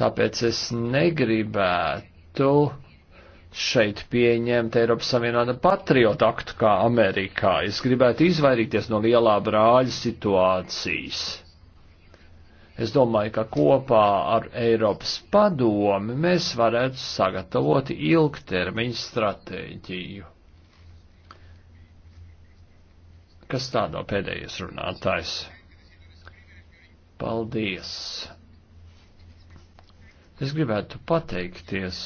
Tāpēc es negribētu šeit pieņemt Eiropas Savienota patriotu aktu kā Amerikā. Es gribētu izvairīties no lielā brāļa situācijas. Es domāju, ka kopā ar Eiropas padomi mēs varētu sagatavot ilgtermiņu stratēģiju. kas tādā pēdējais runātājs. Paldies! Es gribētu pateikties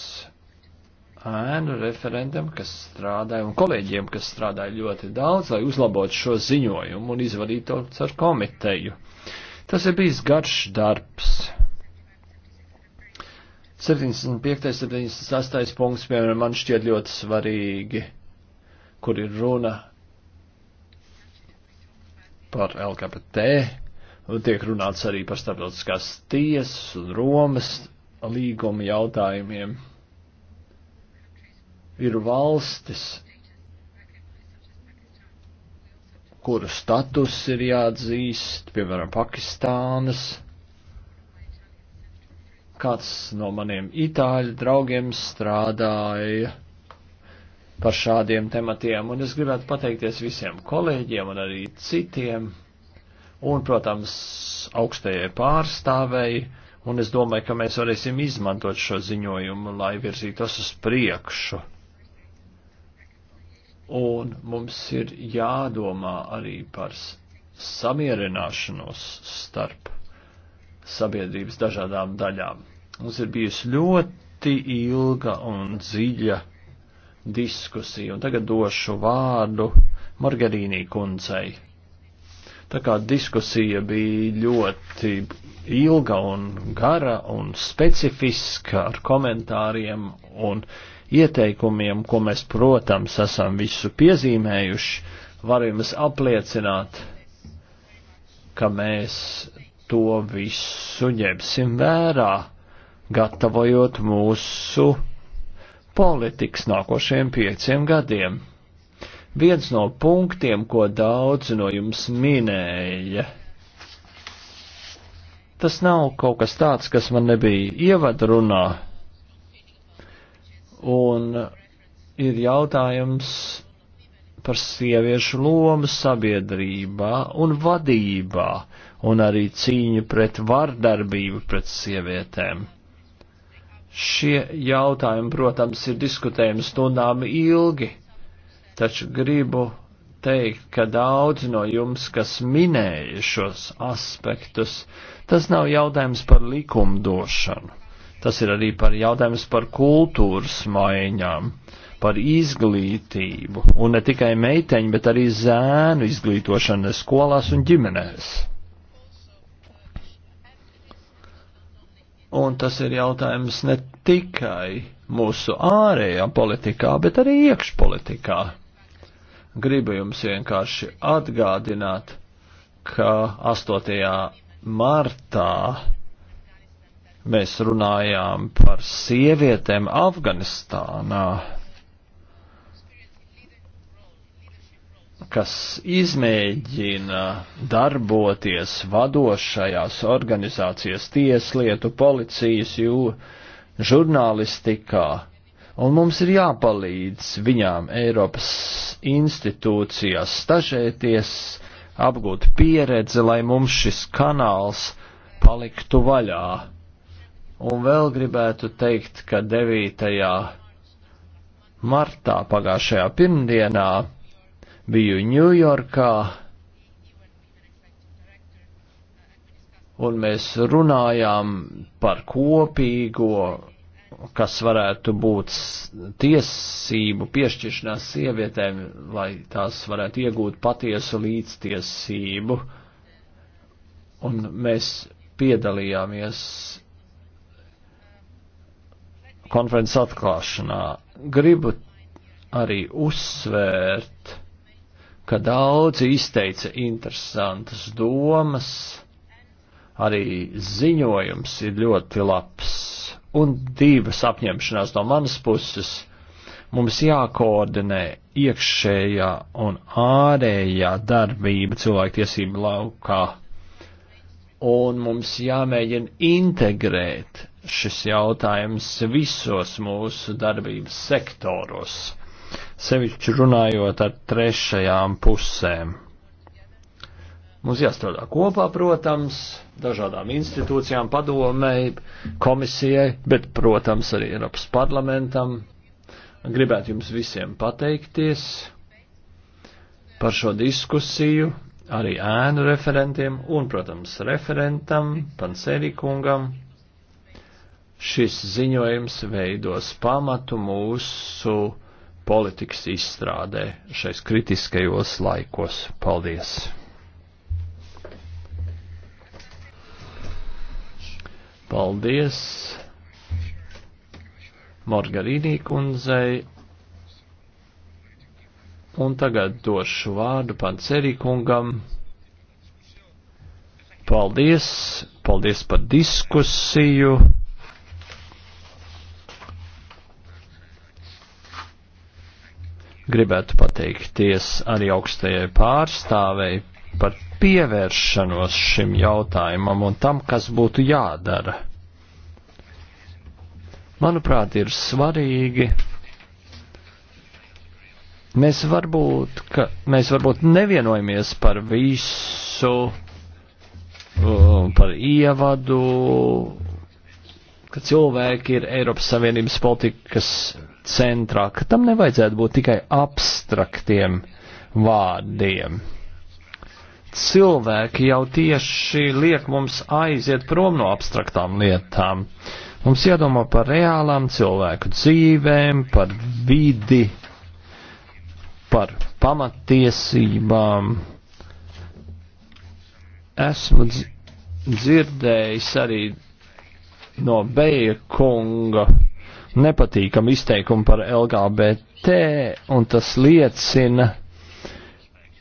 ēnu referentam, kas strādāja, un kolēģiem, kas strādāja ļoti daudz, lai uzlabotu šo ziņojumu un izvadītu to caur komiteju. Tas ir bijis garš darbs. 75. 78. punkts, piemēram, man šķiet ļoti svarīgi, kur ir runa par LGBT, tiek runāts arī par starptautiskās tiesas un Romas līguma jautājumiem. Ir valstis, kuru status ir jāatzīst, piemēram, Pakistānas. Kāds no maniem itāļu draugiem strādāja par šādiem tematiem, un es gribētu pateikties visiem kolēģiem un arī citiem, un, protams, augstajai pārstāvēji, un es domāju, ka mēs varēsim izmantot šo ziņojumu, lai virzītos uz priekšu. Un mums ir jādomā arī par samierināšanos starp sabiedrības dažādām daļām. Mums ir bijusi ļoti ilga un dziļa diskusiju. Un tagad došu vārdu Margarīnī kundzei. Tā kā diskusija bija ļoti ilga un gara un specifiska ar komentāriem un ieteikumiem, ko mēs, protams, esam visu piezīmējuši, varu jums apliecināt, ka mēs to visu ņemsim vērā, gatavojot mūsu politikas nākošajiem pieciem gadiem. Viens no punktiem, ko daudzi no jums minēja, tas nav kaut kas tāds, kas man nebija ievadrunā, un ir jautājums par sieviešu lomu sabiedrībā un vadībā, un arī cīņu pret vardarbību pret sievietēm. Šie jautājumi, protams, ir diskutējami stundām ilgi, taču gribu teikt, ka daudz no jums, kas minēja šos aspektus, tas nav jautājums par likumdošanu. Tas ir arī par jautājums par kultūras maiņām, par izglītību, un ne tikai meiteņu, bet arī zēnu izglītošanu skolās un ģimenēs. Un tas ir jautājums ne tikai mūsu ārējā politikā, bet arī iekšpolitikā. Gribu jums vienkārši atgādināt, ka 8. martā mēs runājām par sievietēm Afganistānā kas izmēģina darboties vadošajās organizācijās, tieslietu, policijas, jū, žurnālistikā, un mums ir jāpalīdz viņām Eiropas institūcijās stažēties, apgūt pieredzi, lai mums šis kanāls paliktu vaļā. Un vēl gribētu teikt, ka 9. martā pagājušajā pirmdienā biju Ņujorkā, un mēs runājām par kopīgo, kas varētu būt tiesību piešķiršanās sievietēm, lai tās varētu iegūt patiesu līdztiesību, un mēs piedalījāmies konferences atklāšanā. Gribu arī uzsvērt, ka daudzi izteica interesantas domas, arī ziņojums ir ļoti labs, un divas apņemšanās no manas puses mums jākoordinē iekšējā un ārējā darbība cilvēktiesību laukā, un mums jāmēģina integrēt šis jautājums visos mūsu darbības sektoros sevišķi runājot ar trešajām pusēm. Mums jāstrādā kopā, protams, dažādām institūcijām, padomēji, komisijai, bet, protams, arī Eiropas parlamentam. Gribētu jums visiem pateikties par šo diskusiju, arī ēnu referentiem un, protams, referentam, pancerikungam. Šis ziņojums veidos pamatu mūsu politikas izstrādē šais kritiskajos laikos. Paldies! Paldies Margarīnī kundzei. Un tagad došu vārdu Pancerī kungam. Paldies, paldies par diskusiju. Gribētu pateikties arī augstajai pārstāvei par pievēršanos šim jautājumam un tam, kas būtu jādara. Manuprāt, ir svarīgi mēs varbūt, ka, mēs varbūt nevienojamies par visu, uh, par ievadu ka cilvēki ir Eiropas Savienības politikas centrā, ka tam nevajadzētu būt tikai abstraktiem vārdiem. Cilvēki jau tieši liek mums aiziet prom no abstraktām lietām. Mums jādomā par reālām cilvēku dzīvēm, par vidi, par pamatiesībām. Esmu dzirdējis arī no Beja kunga nepatīkam izteikumu par LGBT, un tas liecina,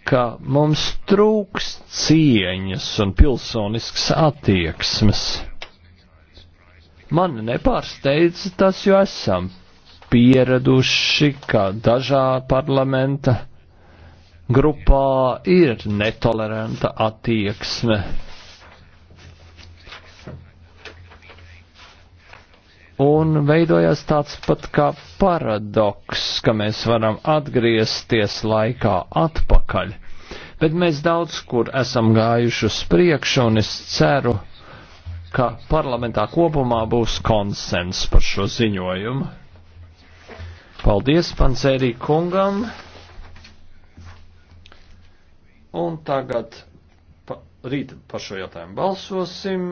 ka mums trūks cieņas un pilsonisks attieksmes. Man nepārsteidz tas, jo esam pieraduši, ka dažā parlamenta grupā ir netoleranta attieksme un veidojās tāds pat kā paradoks, ka mēs varam atgriezties laikā atpakaļ. Bet mēs daudz kur esam gājuši uz priekšu, un es ceru, ka parlamentā kopumā būs konsens par šo ziņojumu. Paldies Pancērī kungam! Un tagad pa, rīt par šo jautājumu balsosim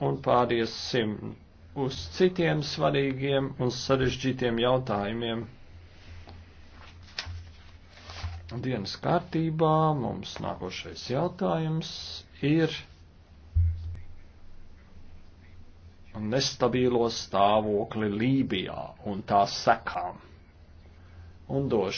un pāriesim uz citiem svarīgiem un sarežģītiem jautājumiem. Dienas kārtībā mums nākošais jautājums ir nestabilo stāvokli Lībijā un tā sekām. Un došu